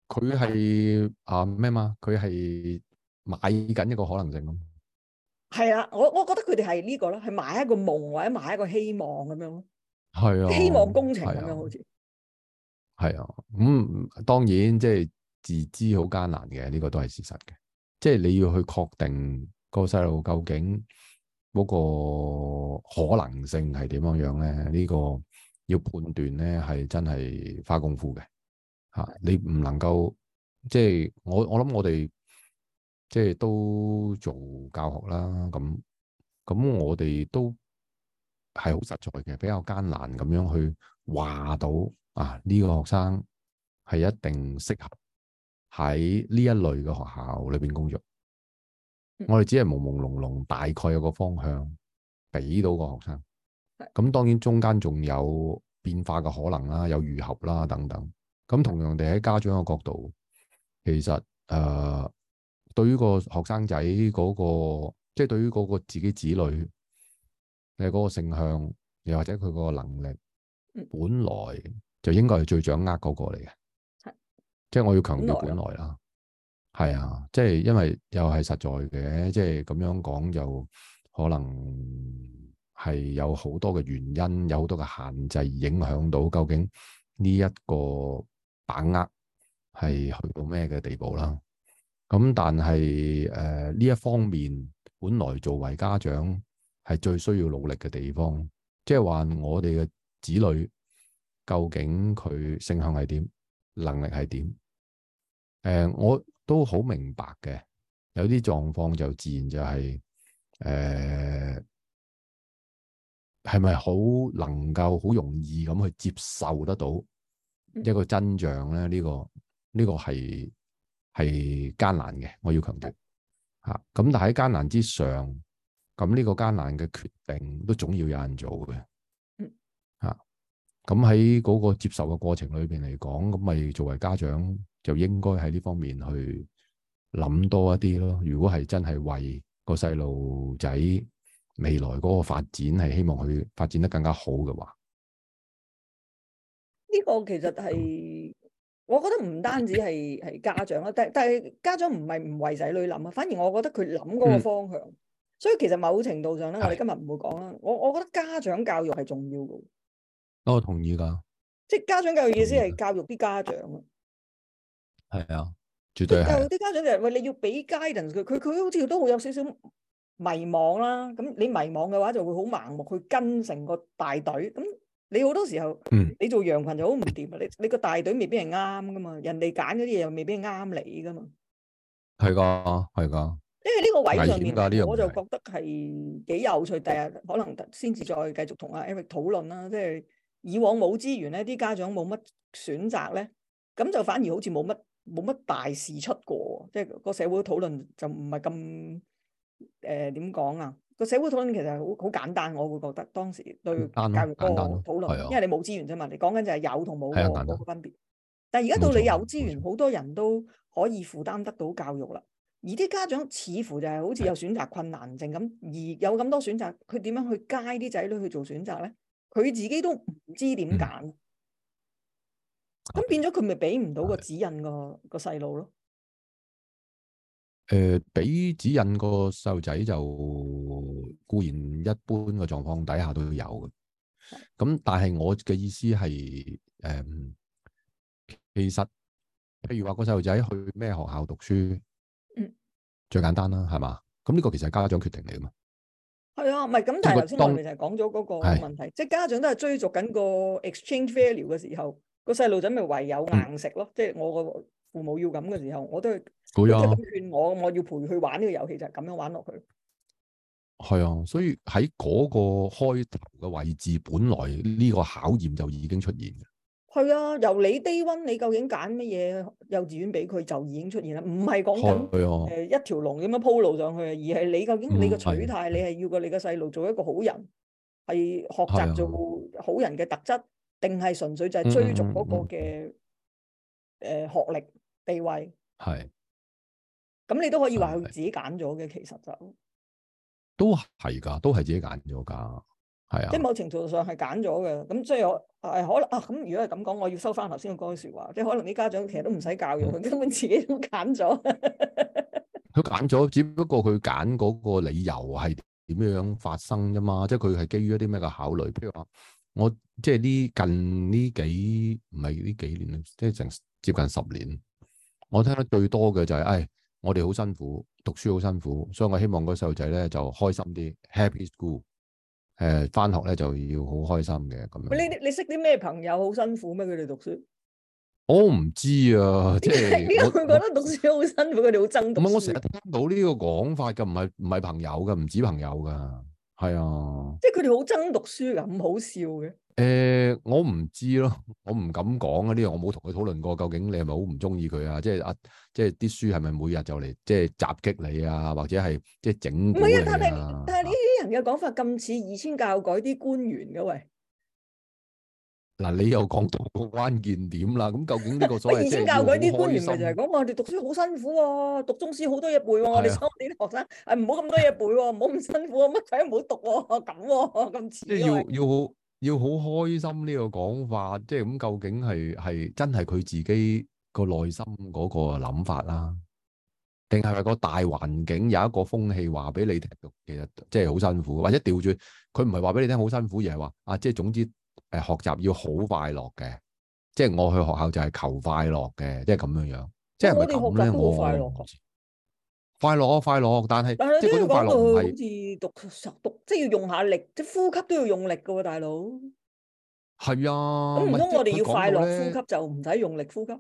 佢係啊咩、啊、嘛？佢係買緊一個可能性咯。係啊，我我覺得佢哋係呢個咯，係買一個夢或者買一個希望咁樣咯。係啊，希望工程咁、啊、樣好似。係啊，咁、啊嗯、當然即係。自知好艱難嘅，呢、呢個都係事實嘅，即係你要去確定個細路究竟嗰個可能性係點樣樣咧？呢、呢個要判斷咧係真係花功夫嘅，吓、啊、你唔能夠即係我我諗我哋即係都做教學啦，咁咁我哋都係好實在嘅，比較艱難咁樣去話到啊呢、呢個學生係一定適合。喺呢一類嘅學校裏邊工作，嗯、我哋只係朦朦朧朧，大概有個方向俾到個學生。咁當然中間仲有變化嘅可能啦，有愈合啦等等。咁同樣地喺家長嘅角度，其實誒、呃、對於個學生仔嗰個，即係對於嗰個自己子女嘅嗰個性向，又或者佢個能力，本來就應該係最掌握嗰個嚟嘅。即係我要強調本來啦，係啊，即係因為又係實在嘅，即係咁樣講就可能係有好多嘅原因，有好多嘅限制影響到究竟呢一個把握係去到咩嘅地步啦。咁但係誒呢一方面，本來作為家長係最需要努力嘅地方，即係話我哋嘅子女究竟佢性向係點，能力係點？誒、呃，我都好明白嘅，有啲狀況就自然就係、是，誒、呃，係咪好能夠好容易咁去接受得到一個真相咧？呢、這個呢、這個係係艱難嘅，我要強調吓。咁、啊、但喺艱難之上，咁呢個艱難嘅決定都總要有人做嘅。吓、啊，咁喺嗰個接受嘅過程裏邊嚟講，咁咪作為家長。就應該喺呢方面去諗多一啲咯。如果係真係為個細路仔未來嗰個發展係希望佢發展得更加好嘅話，呢個其實係、嗯、我覺得唔單止係係家長咯，但但係家長唔係唔為仔女諗啊，反而我覺得佢諗嗰個方向。嗯、所以其實某程度上咧，的我哋今日唔會講啦。我我覺得家長教育係重要噶。我同意噶，即係家長教育意思係教育啲家長。係啊，絕對有啲家長就係，喂，你要俾 guidance 佢，佢佢好似都會有少少迷惘啦。咁、嗯、你迷惘嘅話就會好盲目去跟成個大隊。咁、嗯、你好多時候，你做羊群就好唔掂啊。你你個大隊未必係啱噶嘛，人哋揀嗰啲嘢，又未必係啱你噶嘛。係噶，係噶。因為呢個位上面，我就覺得係幾有趣。第日可能先至再繼續同阿 Eric 討論啦。即係以往冇資源咧，啲家長冇乜選擇咧，咁就反而好似冇乜。冇乜大事出過，即係個社會討論就唔係咁，誒，點講啊？個、呃、社會討論其實好好簡單，我會覺得當時對教育嘅討論，啊啊、因為你冇資源啫嘛。你講緊就係有同冇嘅分別。但係而家到你有資源，好錯多人都可以負擔得到教育啦。而啲家長似乎就係好似有選擇困難症咁，的而有咁多選擇，佢點樣去教啲仔女去做選擇咧？佢自己都唔知點揀。嗯咁變咗佢咪俾唔到個指引個個細路咯？誒、呃，俾指引個細路仔就固然一般嘅狀況底下都要有嘅。咁的但係我嘅意思係誒、呃，其實譬如話個細路仔去咩學校讀書，嗯，最簡單啦，係嘛？咁呢個其實係家長決定嚟㗎嘛。係啊，唔係咁，但係頭先我哋就係講咗嗰個問題，的即係家長都係追逐緊個 exchange value 嘅時候。個細路仔咪唯有硬食咯，嗯、即係我個父母要咁嘅時候，我都勸、啊、我我要陪佢玩呢個遊戲就咁、是、樣玩落去。係啊，所以喺嗰個開頭嘅位置，本來呢個考驗就已經出現嘅。係啊，由你 day one，你究竟揀乜嘢幼稚園俾佢就已經出現啦。唔係講緊誒一條龍咁樣鋪路上去，啊、而係你究竟你個取態，嗯啊、你係要個你個細路做一個好人，係學習做好人嘅特質。定係純粹就係追逐嗰個嘅，誒、嗯嗯呃、學歷地位，係咁是你都可以話佢自己揀咗嘅，的其實就都係噶，都係自己揀咗噶，係啊。即係某程度上係揀咗嘅，咁即係我係可能啊。咁如果係咁講，我要收翻頭先嗰句說話，即係可能啲家長其實都唔使教育，佢的根本自己都揀咗。佢揀咗，只不過佢揀嗰個理由係點樣發生啫嘛？即係佢係基於一啲咩嘅考慮，譬如話。我即係呢近呢幾唔係呢幾年即係成接近十年。我聽得最多嘅就係，誒，我哋好辛苦，讀書好辛苦，所以我希望個細路仔咧就開心啲，happy school。呃，誒，翻學咧就要好開心嘅咁樣。你你識啲咩朋友？好辛苦咩？佢哋讀書？我唔知啊，即係點解會覺得讀書好辛苦？佢哋好憎讀書。唔係，我成日聽到呢個講法噶，唔係唔係朋友噶，唔止朋友噶。係啊，即係佢哋好憎讀書咁，唔好笑嘅。誒、呃，我唔知咯，我唔敢講啊！呢、這、樣、個、我冇同佢討論過。究竟你係咪好唔中意佢啊？即係阿、啊，即係啲書係咪每日就嚟即係襲擊你啊？或者係即係整、啊？唔係啊！但係但係呢啲人嘅講法咁似二千教改啲官員嘅喂。嗱，你又講到個關鍵點啦。咁究竟呢個所謂即係好開心？我以前教嗰啲官員咪就係講話，我哋讀書好辛苦喎，讀中史好多嘢背喎。我哋三年學生，係唔好咁多嘢背喎，唔好咁辛苦喎，乜鬼都唔好讀喎，咁喎咁似。即係要要好要好開心呢個講法，即係咁究竟係係真係佢自己個內心嗰個諗法啦，定係係個大環境有一個風氣話俾你聽，其實即係好辛苦，或者調轉佢唔係話俾你聽好辛苦，而係話啊，即係總之。誒，學習要好快樂嘅，即係我去學校就係求快樂嘅，即係咁樣樣，即係係咪咁咧？我快樂啊，啊，快樂，但係即係佢講到好似讀讀，讀，讀，即係要用下力，即係呼吸都要用力㗎喎，大佬。係啊，咁唔通我哋要快樂呼吸就唔使用，用力呼吸？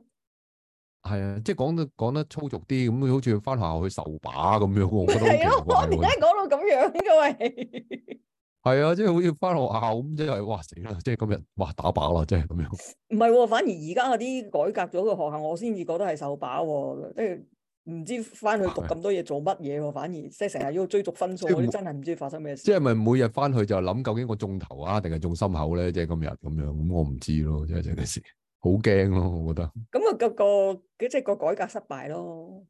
係啊，即係講得講得粗俗啲，咁好似返學校去受把咁樣喎，我覺得係咯，點解講到咁樣嘅喂？係啊，即係好似翻學校咁，即係哇死啦！即係今日哇打靶啦，即係咁樣。唔係，哦，反而而家嗰啲改革咗嘅學校，我先至覺得係受把，即係唔知翻去讀咁多嘢做乜嘢。反而即係成日要追逐分數，我 真係唔知發生咩事。即係咪每日翻去就諗究竟我中頭啊，定係中心口咧？即係今日咁樣，咁、嗯、我唔知咯，即係成件事好驚咯，我覺得。咁啊，嗰個即係個改革失敗咯。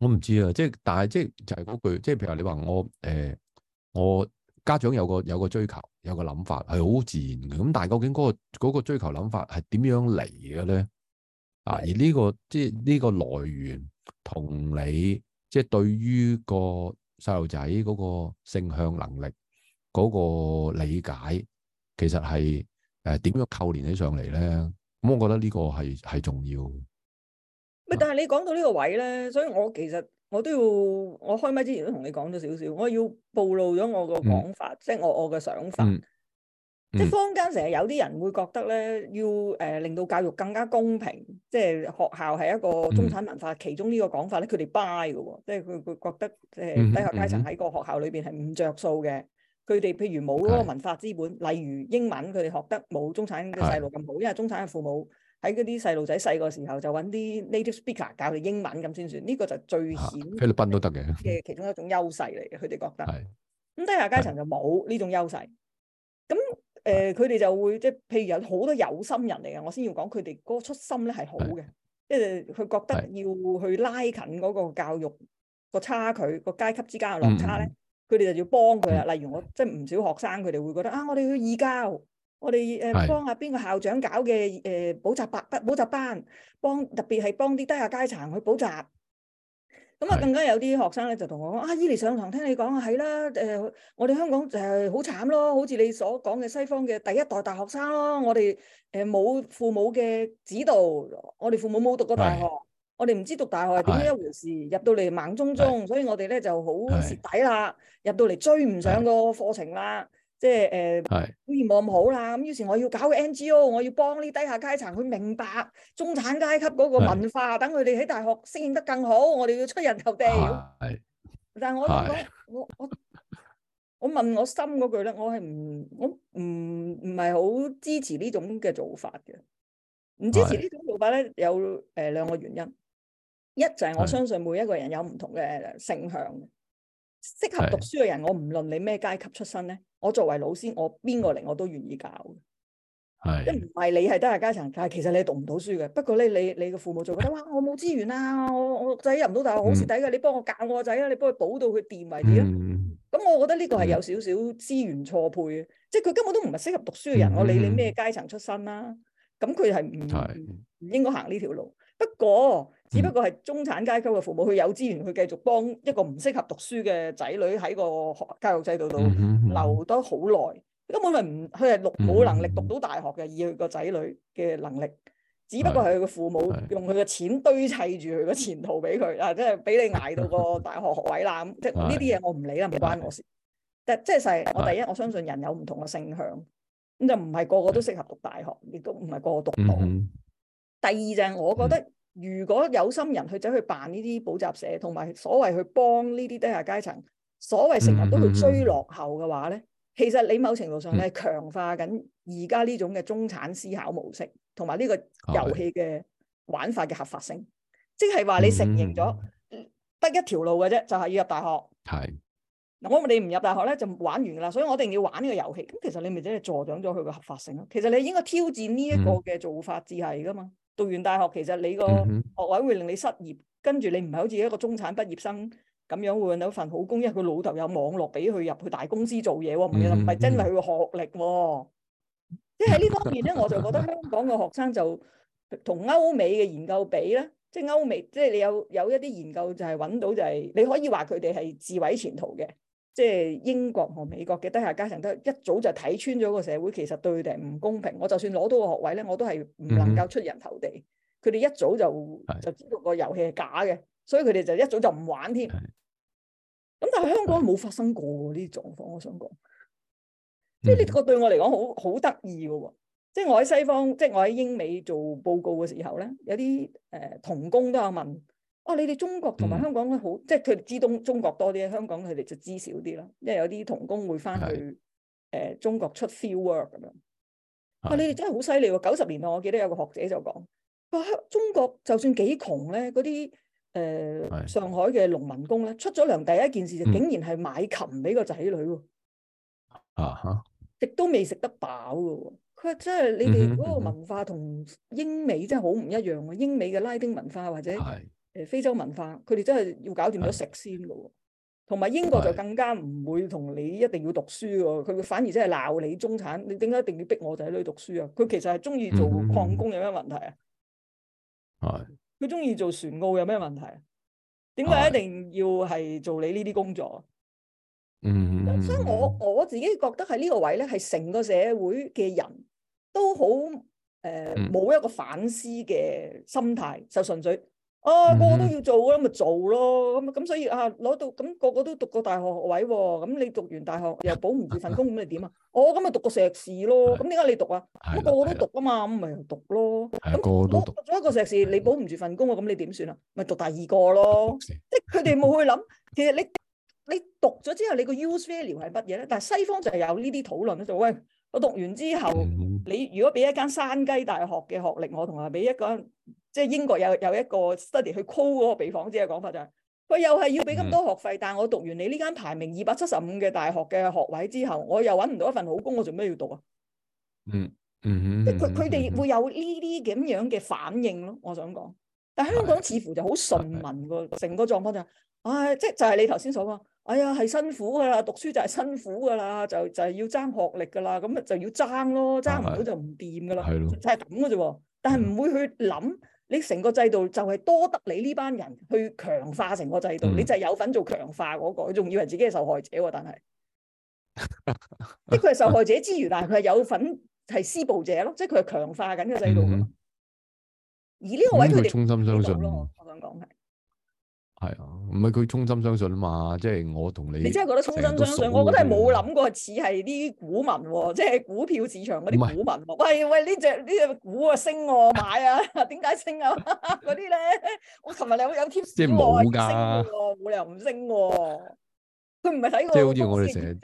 我唔知啊，即係但係即係就係嗰句，即係譬如你話我，誒我。呃我家長有個有個追求，有個諗法係好自然嘅。咁但係究竟嗰個嗰個追求諗法係點樣嚟嘅咧？啊的！而呢個即係呢個來源同你即係對於個細路仔嗰個性向能力嗰個理解，其實係誒點樣扣連起上嚟咧？咁我覺得呢個係係重要。咪但係你講到呢個位咧，所以我其實。我都要，我開咪之前都同你講咗少少，我要暴露咗我個講法，嗯、即係我我嘅想法。嗯嗯、即係坊間成日有啲人會覺得咧，要誒、呃、令到教育更加公平，即係學校係一個中產文化。嗯、其中呢個講法咧，佢哋 buy 嘅喎，即係佢佢覺得誒低學階層喺個學校裏邊係唔着數嘅。佢哋譬如冇嗰個文化資本，的例如英文佢哋學得冇中產嘅細路咁好，因為中產嘅父母，喺嗰啲細路仔細個時候就揾啲 native speaker 教佢英文咁先算，呢、這個就最顯菲律賓都得嘅嘅其中一種優勢嚟嘅，佢哋覺得。係是。咁低下階層就冇呢種優勢。咁誒是，佢哋、呃、是就會即係譬如有好多有心人嚟嘅，我先要講佢哋嗰個出心咧係好嘅，即係佢覺得要去拉近嗰個教育個差距、是個階級之間嘅落差咧，佢哋是、嗯、就要幫佢啦。例如我即係唔少學生，佢哋會覺得啊，我哋要義教。我哋誒幫下邊個校長搞嘅誒補習白補習班，幫特別係幫啲低下階層去補習，咁啊更加有啲學生咧就同我講啊，依尼上堂聽你講係啦，誒、呃、我哋香港就係好慘咯，好似你所講嘅西方嘅第一代大學生咯，我哋誒冇父母嘅指導，我哋父母冇讀過大學，的我哋唔知讀大學係點樣一回事，的入到嚟盲中中，的所以我哋咧就好蝕底啦，入的到嚟追唔上個課程啦。即係誒，表現冇咁好啦。咁於是我要搞個 NGO，我要幫啲低下階層，去明白中產階級嗰個文化，等佢哋喺大學適應得更好。我哋要出人頭地。是但係我是我我我問我心嗰句咧，我係唔我唔唔係好支持呢種嘅做法嘅。唔支持呢種做法咧，有誒、呃、兩個原因。一就係、是、我相信每一個人有唔同嘅性向，適是合讀書嘅人，我唔論你咩階級出身咧。我作為老師，我邊個嚟我都願意教嘅，即唔係你係低下階層，但係其實你讀唔到書嘅。不過咧，你你嘅父母就覺得哇，我冇資源啦、啊，我我仔入唔到大學好蝕底㗎，你幫我教我個仔啦，你幫佢補到佢掂埋啲啊。咁我覺得呢個係有少少資源錯配嘅，即係佢根本都唔係適合讀書嘅人，嗯、我理你咩階層出身啦、啊。咁佢係唔係唔應該行呢條路。不過。只不過係中產階級嘅父母，佢有資源，去繼續幫一個唔適合讀書嘅仔女喺個學教育制度度留得好耐，根本係唔佢係讀冇能力讀到大學嘅，嗯、以佢個仔女嘅能力，只不過係佢個父母用佢嘅錢堆砌住佢個前途俾佢，啊，即係俾你捱到個大學學位啦咁， 即係呢啲嘢我唔理啦，唔關我事。但 即係我第一，我相信人有唔同嘅性向，咁就唔係個個都適合讀大學，亦都唔係個個讀到。嗯、第二就係、是、我覺得、嗯。如果有心人去走去辦呢啲補習社，同埋所謂去幫呢啲低下階層，所謂成日都去追落後嘅話咧，嗯嗯嗯，其實你某程度上咧強化緊而家呢種嘅中產思考模式，同埋呢個遊戲嘅玩法嘅合法性，即係話你承認咗得、嗯嗯、一條路嘅啫，就係、是、要入大學。係嗱是，我哋唔入大學咧就玩完啦，所以我一定要玩呢個遊戲。咁其實你咪真係助長咗佢嘅合法性咯。其實你應該挑戰呢一個嘅做法至係噶嘛。讀完大學，其實你個學位會令你失業，跟住、嗯、你唔係好似一個中產畢業生咁樣搵到份好工，因為佢老豆有網絡俾佢入去大公司做嘢，唔係唔係真係佢個學歷。即係喺呢方面咧，我就覺得香港嘅學生就同歐美嘅研究比咧，即、就、係、是、歐美，即、就、係、是、你有有一啲研究就係搵到就係、是，你可以話佢哋係自毀前途嘅。即係英國同美國嘅低下階層，都一早就睇穿咗個社會其實對佢哋唔公平。我就算攞到個學位咧，我都係唔能夠出人頭地。佢哋、嗯、一早就就知道個遊戲係假嘅，所以佢哋就一早就唔玩添。咁、嗯、但係香港冇發生過呢啲、嗯、狀況，我想講，即係呢個對我嚟講好好得意嘅喎。即係、就是、我喺西方，即、就、係、是、我喺英美做報告嘅時候咧，有啲誒、呃、童工都有問。啊！你哋中國同埋香港咧，好即係佢哋知東中國多啲，香港佢哋就知少啲咯。因為有啲童工會翻去誒中國出 field work 咁樣。啊！你哋真係好犀利喎！九十年代我記得有個學者就講，啊，中國就算幾窮咧，嗰啲誒上海嘅農民工咧，出咗糧第一件事就竟然係買琴俾個仔女喎。啊哈！亦都未食得飽嘅喎。佢真係你哋嗰個文化同英美真係好唔一樣嘅。英美嘅拉丁文化或者。誒非洲文化，佢哋真係要搞掂咗食先嘅喎，同埋英國就更加唔會同你一定要讀書嘅，佢會反而真係鬧你中產，你點解一定要逼我仔女讀書啊？佢其實係中意做礦工有咩問題啊？係佢中意做船澳有咩問題啊？點解一定要係做你呢啲工作啊？嗯，所以我我自己覺得喺呢個位咧，係成個社會嘅人都好誒冇一個反思嘅心態，就純粹。啊、哦，個個都要做噶，咁咪做咯。咁、嗯、咁所以啊，攞到咁、那個個都讀過大學學位喎。咁你讀完大學又保唔住份工，咁 你點啊？我咁咪讀個碩士咯。咁點解你讀啊？咁個個都讀啊嘛。咁咪讀咯。咁我讀咗一個碩士，的你保唔住份工啊？咁你點算啊？咪讀第二個咯。嗯、即係佢哋冇去諗。其實你你讀咗之後，你個 use value 係乜嘢咧？但係西方就係有呢啲討論咧。就話喂，我讀完之後，嗯、你如果俾一間山雞大學嘅學歷，我同埋俾一個即係英國有有一個 study 去 call 嗰個被訪者，即係講法就係、是，佢又係要俾咁多學費，嗯、但我讀完你呢間排名二百七十五嘅大學嘅學位之後，我又揾唔到一份好工，我做咩要讀啊？嗯嗯，嗯即佢佢哋會有呢啲咁樣嘅反應咯。我想講，但香港似乎就好順民個成、嗯嗯、個狀況就係、是，唉、哎，即係就係你頭先所講，哎呀係辛苦噶啦，讀書就係辛苦噶啦，就就係、是、要爭學歷噶啦，咁啊就要爭咯，爭唔到就唔掂噶啦，嗯嗯嗯嗯嗯就係咁噶啫喎。但係唔會去諗。嗯嗯你成個制度就係多得你呢班人去強化成個制度，嗯、你就係有份做強化嗰、嗰個，佢仲以為自己係受害者喎，但係 即佢係受害者之餘， 但係佢係有份係施暴者咯，即係佢係強化緊個制度、嗯、而呢個位佢哋衷心相信咯，我想講係。係啊，唔係佢衷心相信嘛，即係我同你。你真係覺得衷心相信，覺，我覺得係冇諗過，似係啲股民、啊，即係股票市場嗰啲股民、啊是喂。喂喂，呢隻呢隻股升啊升，我買啊，點解升啊？嗰啲咧，我琴日你有有 tips、啊、即係冇噶，冇、啊、理由唔升、啊。佢唔係睇過即、啊。即係好似我哋成。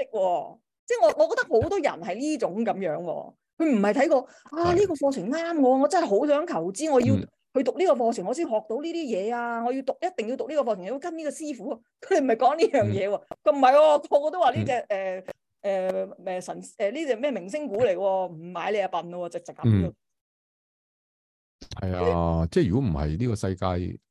即係我，我覺得好多人係呢種咁樣。佢唔係睇過啊？呢、啊這個課程啱我，我真係好想求知我要、嗯。去讀呢個課程，我先學到呢啲嘢啊！我要讀，一定要讀呢個課程，要跟呢個師傅。佢哋唔係講呢樣嘢喎，佢唔係哦，個個、啊、都話呢隻誒誒誒神誒呢、呃、隻咩明星股嚟、啊，唔買你啊笨咯，直直咁係啊，即係如果唔係呢個世界，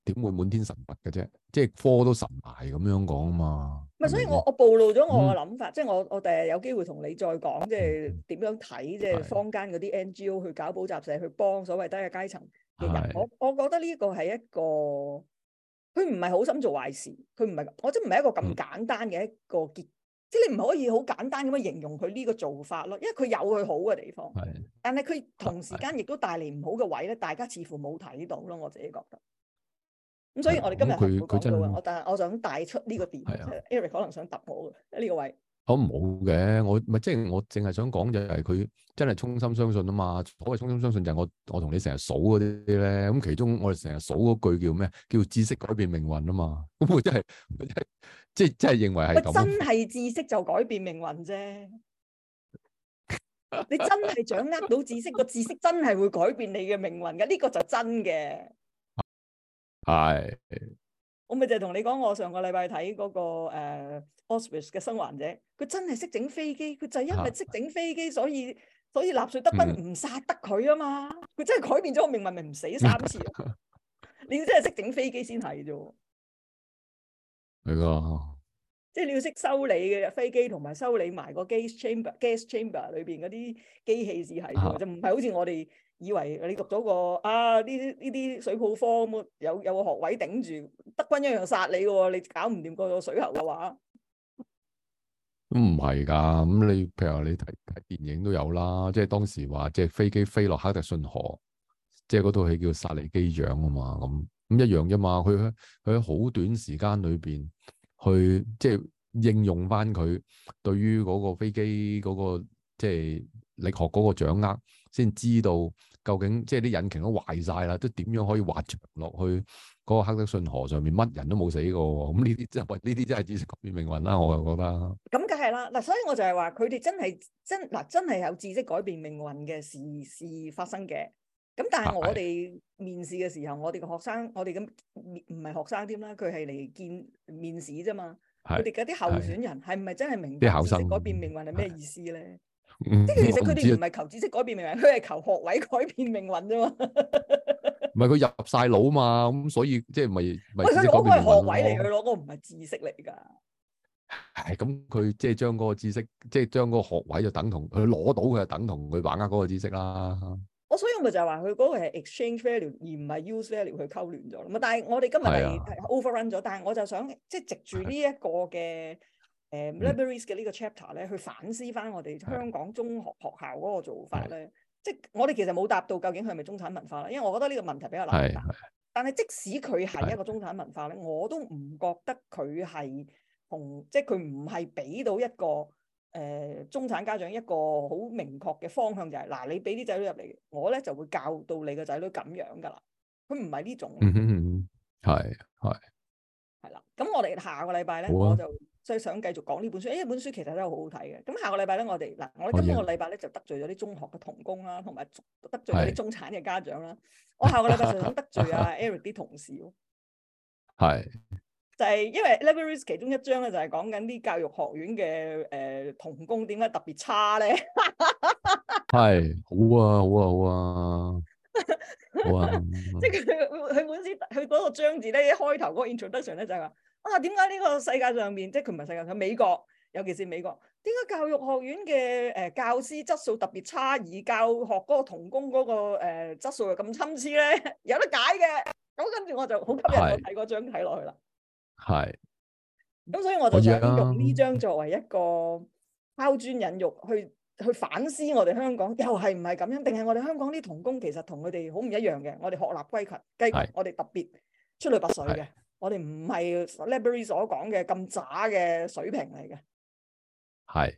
點會滿天神佛嘅啫？即係科都神埋咁樣講啊嘛。唔係、嗯，所以我我暴露咗我嘅諗法，嗯、即係我我第日有機會同你再講，即係點樣睇，即、就、係、係、坊間嗰啲 NGO 去搞補習社去幫所謂低嘅階層嘅人，我我覺得呢個係一個，佢唔係好心做壞事，佢唔係，我真唔係一個咁簡單嘅一個結，即係你唔可以好簡單咁樣形容佢呢個做法咯，因為佢有佢好嘅地方，但係佢同時間亦都帶嚟唔好嘅位咧，大家似乎冇睇到咯，我自己覺得。咁所以，我哋今日佢佢講到呀，我但係我想帶出呢個點，Eric 可能想揼我嘅呢個位。我冇嘅，我咪即係我淨係想講就係佢真係衷心相信啊嘛。所謂衷心相信就係我我同你成日數嗰啲咧，咁其中我哋成日數嗰句叫咩？叫知識改變命運啊嘛。咁佢真係即係即係認為係咁。真係知識就改變命運啫。你真係掌握到知識，個知識真係會改變你嘅命運嘅。呢個就真嘅。係。我咪就係同你講，我上個禮拜睇嗰、嗰個誒《Auschwitz》嘅生還者，佢真係識整飛機，佢就係因為識整飛機，所以所以納粹德軍唔殺得佢啊嘛！佢真係改變咗我命運，咪唔死三次。你要真係識整飛機先係啫。係咯，即係你要識修理嘅飛機，同埋修理埋個 gas chamber、gas chamber 裏邊嗰啲機器先係， 就唔係好似我哋。以為你讀咗個啊呢啲呢啲水泡科有有個學位頂住，德軍一樣殺你嘅喎，你搞唔掂嗰個水喉嘅話，都唔係㗎。咁你譬如你睇睇電影都有啦，即係當時話即係飛機飛落哈德遜河，即係嗰套戲叫《薩利機長》啊嘛，咁咁一樣啫嘛。佢佢喺好短時間裏邊去即係應用返佢對於嗰個飛機嗰個即係。力學嗰個掌握，先知道究竟即係啲引擎都壞晒啦，都點樣可以滑着落去嗰個哈德遜河上面，乜人都冇死過。咁呢啲真呢啲真係知識改變命運啦，我又覺得。咁梗係啦，嗱，所以我就係話，佢哋真係真嗱，真係有知識改變命運嘅事發生嘅。咁但係我哋面試嘅時候，我哋個學生，我哋咁唔係學生添啦，佢係嚟見面試啫嘛。係。佢哋嗰啲候選人係唔係真係明白知識改變命運係咩意思咧？即係其實佢哋唔係求知識改變命運，佢係求學位改變命運啫 嘛。唔係佢入晒腦啊嘛，咁所以即係唔係唔係攞嗰個學位嚟，佢攞嗰個唔係知識嚟噶。咁佢即係將嗰個知識，即係將嗰個學位就等同佢攞到，佢就等同佢把握嗰個知識啦。我所以我咪就係話佢嗰個係 exchange value 而唔係 use value 去溝亂咗。咁但係我哋今日係 overrun 咗，但係我、啊、我就想即係藉住呢一個嘅。誒 libraries 嘅呢個 chapter 咧，去反思翻我哋香港中學學校嗰個做法咧，即係我哋其實冇答到究竟佢係咪中產文化啦，因為我覺得呢個問題比較難 Yes. 但係即使佢係一個中產文化咧 Yes.，我都唔覺得佢係同即係佢唔係俾到一個誒中產家長一個好明確嘅方向，就係、是、嗱你俾啲仔女入嚟，我咧就會教到你個仔女咁樣㗎啦。佢唔係呢種。嗯哼，係係係啦。咁我哋下個禮拜咧，我就。所以想繼續講呢本書，誒、哎、呢本書其實都係好好睇嘅。咁下個禮拜咧，我哋嗱，我今個禮拜咧就得罪咗啲中學嘅童工啦，同埋得罪咗啲中產嘅家長啦。是我下個禮拜就想得罪阿 Eric 啲同事咯。係是，就係因為 Eric 其中一章咧，就係講緊啲教育學院嘅誒、呃、童工點解特別差咧。係， 好啊，好啊，好啊，好啊。即係佢佢本書佢嗰個章節咧，一開頭嗰個 introduction 咧就係、是、話。啊，點解呢個世界上面，即係佢唔係世界上，美國，尤其是美國，點解教育學院嘅誒、教師質素特別差，而教學嗰個童工嗰個誒質素又咁參差咧？有得解嘅，咁跟住我就好吸引我睇嗰張睇落去啦。係。咁所以我就就用呢張作為一個拋磚引玉，去去反思我哋香港又係唔係咁樣？定係我哋香港啲童工其實同佢哋好唔一樣嘅？我哋學立規群，跟住我哋特別出類拔萃嘅。我哋唔係 library 所講嘅咁渣嘅水平嚟嘅，係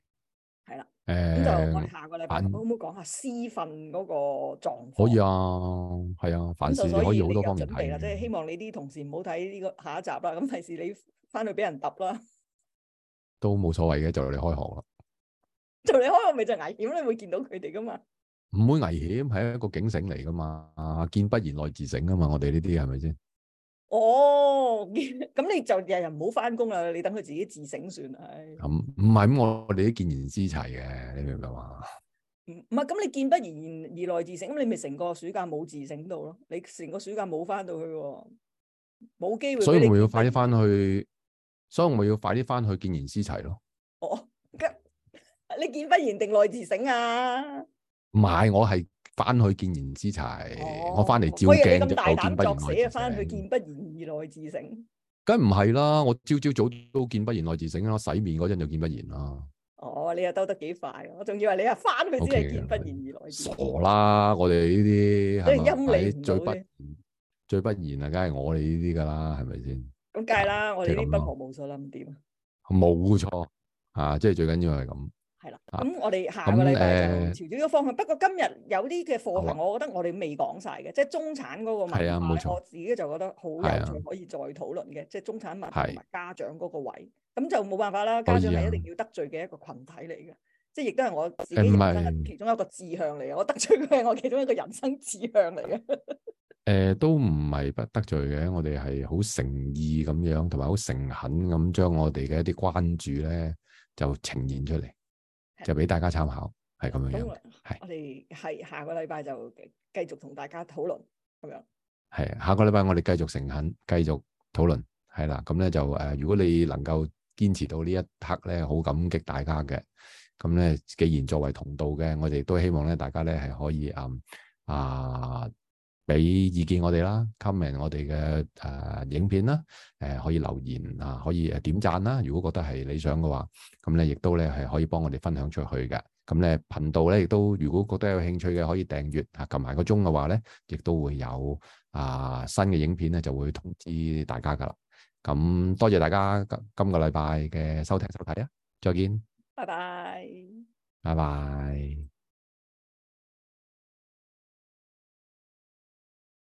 係啦，咁的、嗯、就我哋下個禮拜可唔可以講下私訓嗰個狀況？可以啊，係啊，凡事可以好多方面。問題。準備啦，即、就、係、是、希望你啲同事唔好睇呢個下一集啦。咁提示你翻去俾人揼啦，都冇所謂嘅，就嚟開學啦。就嚟開學咪就危險，你會見到佢哋噶嘛？唔會危險，係一個警醒嚟噶嘛，見不賢內自省啊嘛。我哋呢啲係咪先？是哦，咁你就日日唔好翻工啦，你等佢自己自省算啦。咁唔係咁，我我哋都見賢思齊嘅，你明唔明嘛？唔唔係，咁你見不賢而內自省，咁你咪成個暑假冇自省到咯。你成個暑假冇翻到去，冇機會。所以我咪要快啲翻去，所以我咪要快啲翻去見賢思齊咯。哦，咁你見不賢定內自省啊？唔係，我係。翻去見賢之齊，哦、我翻嚟照鏡就見不賢而內自省。梗唔係啦，我朝朝早都見不賢內自省啦，我洗面嗰陣就見不賢啦。哦，你又兜得幾快，我仲以為你係翻去先見不賢而內自省。傻啦，我哋呢啲係你最不最不賢啊，梗係我哋呢啲噶啦，係咪先？咁梗係啦，我哋呢啲不學無術啦，點？冇錯啊，即係、啊、最緊要係咁。係啦，咁、嗯嗯、我哋下個禮拜就朝住呢個方向。嗯、不過今日有啲嘅課題，我覺得我哋未講晒嘅，啊、即係中產嗰個文化，錯我自己就覺得好有趣，可以再討論嘅，啊、即係中產物同埋家長嗰個位。咁是就冇辦法啦，啊、家長係一定要得罪嘅一個群體嚟嘅，即係亦都係我自己其中一個志向嚟嘅。嗯、我得罪佢係我其中一個人生志向嚟嘅。誒、 呃，都唔係不得罪嘅，我哋係好誠意咁樣，同埋好誠懇咁將我哋嘅一啲關注咧，就呈現出嚟。就俾大家參考，係咁樣樣。係那是我哋係下個禮拜就繼續同大家討論咁樣。係下個禮拜我哋繼續誠懇繼續討論，係啦。咁咧就誒、呃，如果你能夠堅持到呢一刻咧，好感激大家嘅。咁咧，既然作為同道嘅，我哋都希望咧，大家咧係可以啊、嗯、啊。俾意見我哋啦，comment 我哋嘅誒影片啦，誒、呃、可以留言啊，可以誒點讚啦。如果覺得係理想嘅話，咁咧亦都咧係可以幫我哋分享出去嘅。咁咧頻道咧亦都，如果覺得有興趣嘅可以訂閱啊，撳埋個鐘嘅話咧，亦都會有啊新嘅影片咧就會通知大家㗎喇。咁多謝大家今今個禮拜嘅收聽收睇啊，再見，拜拜，拜拜。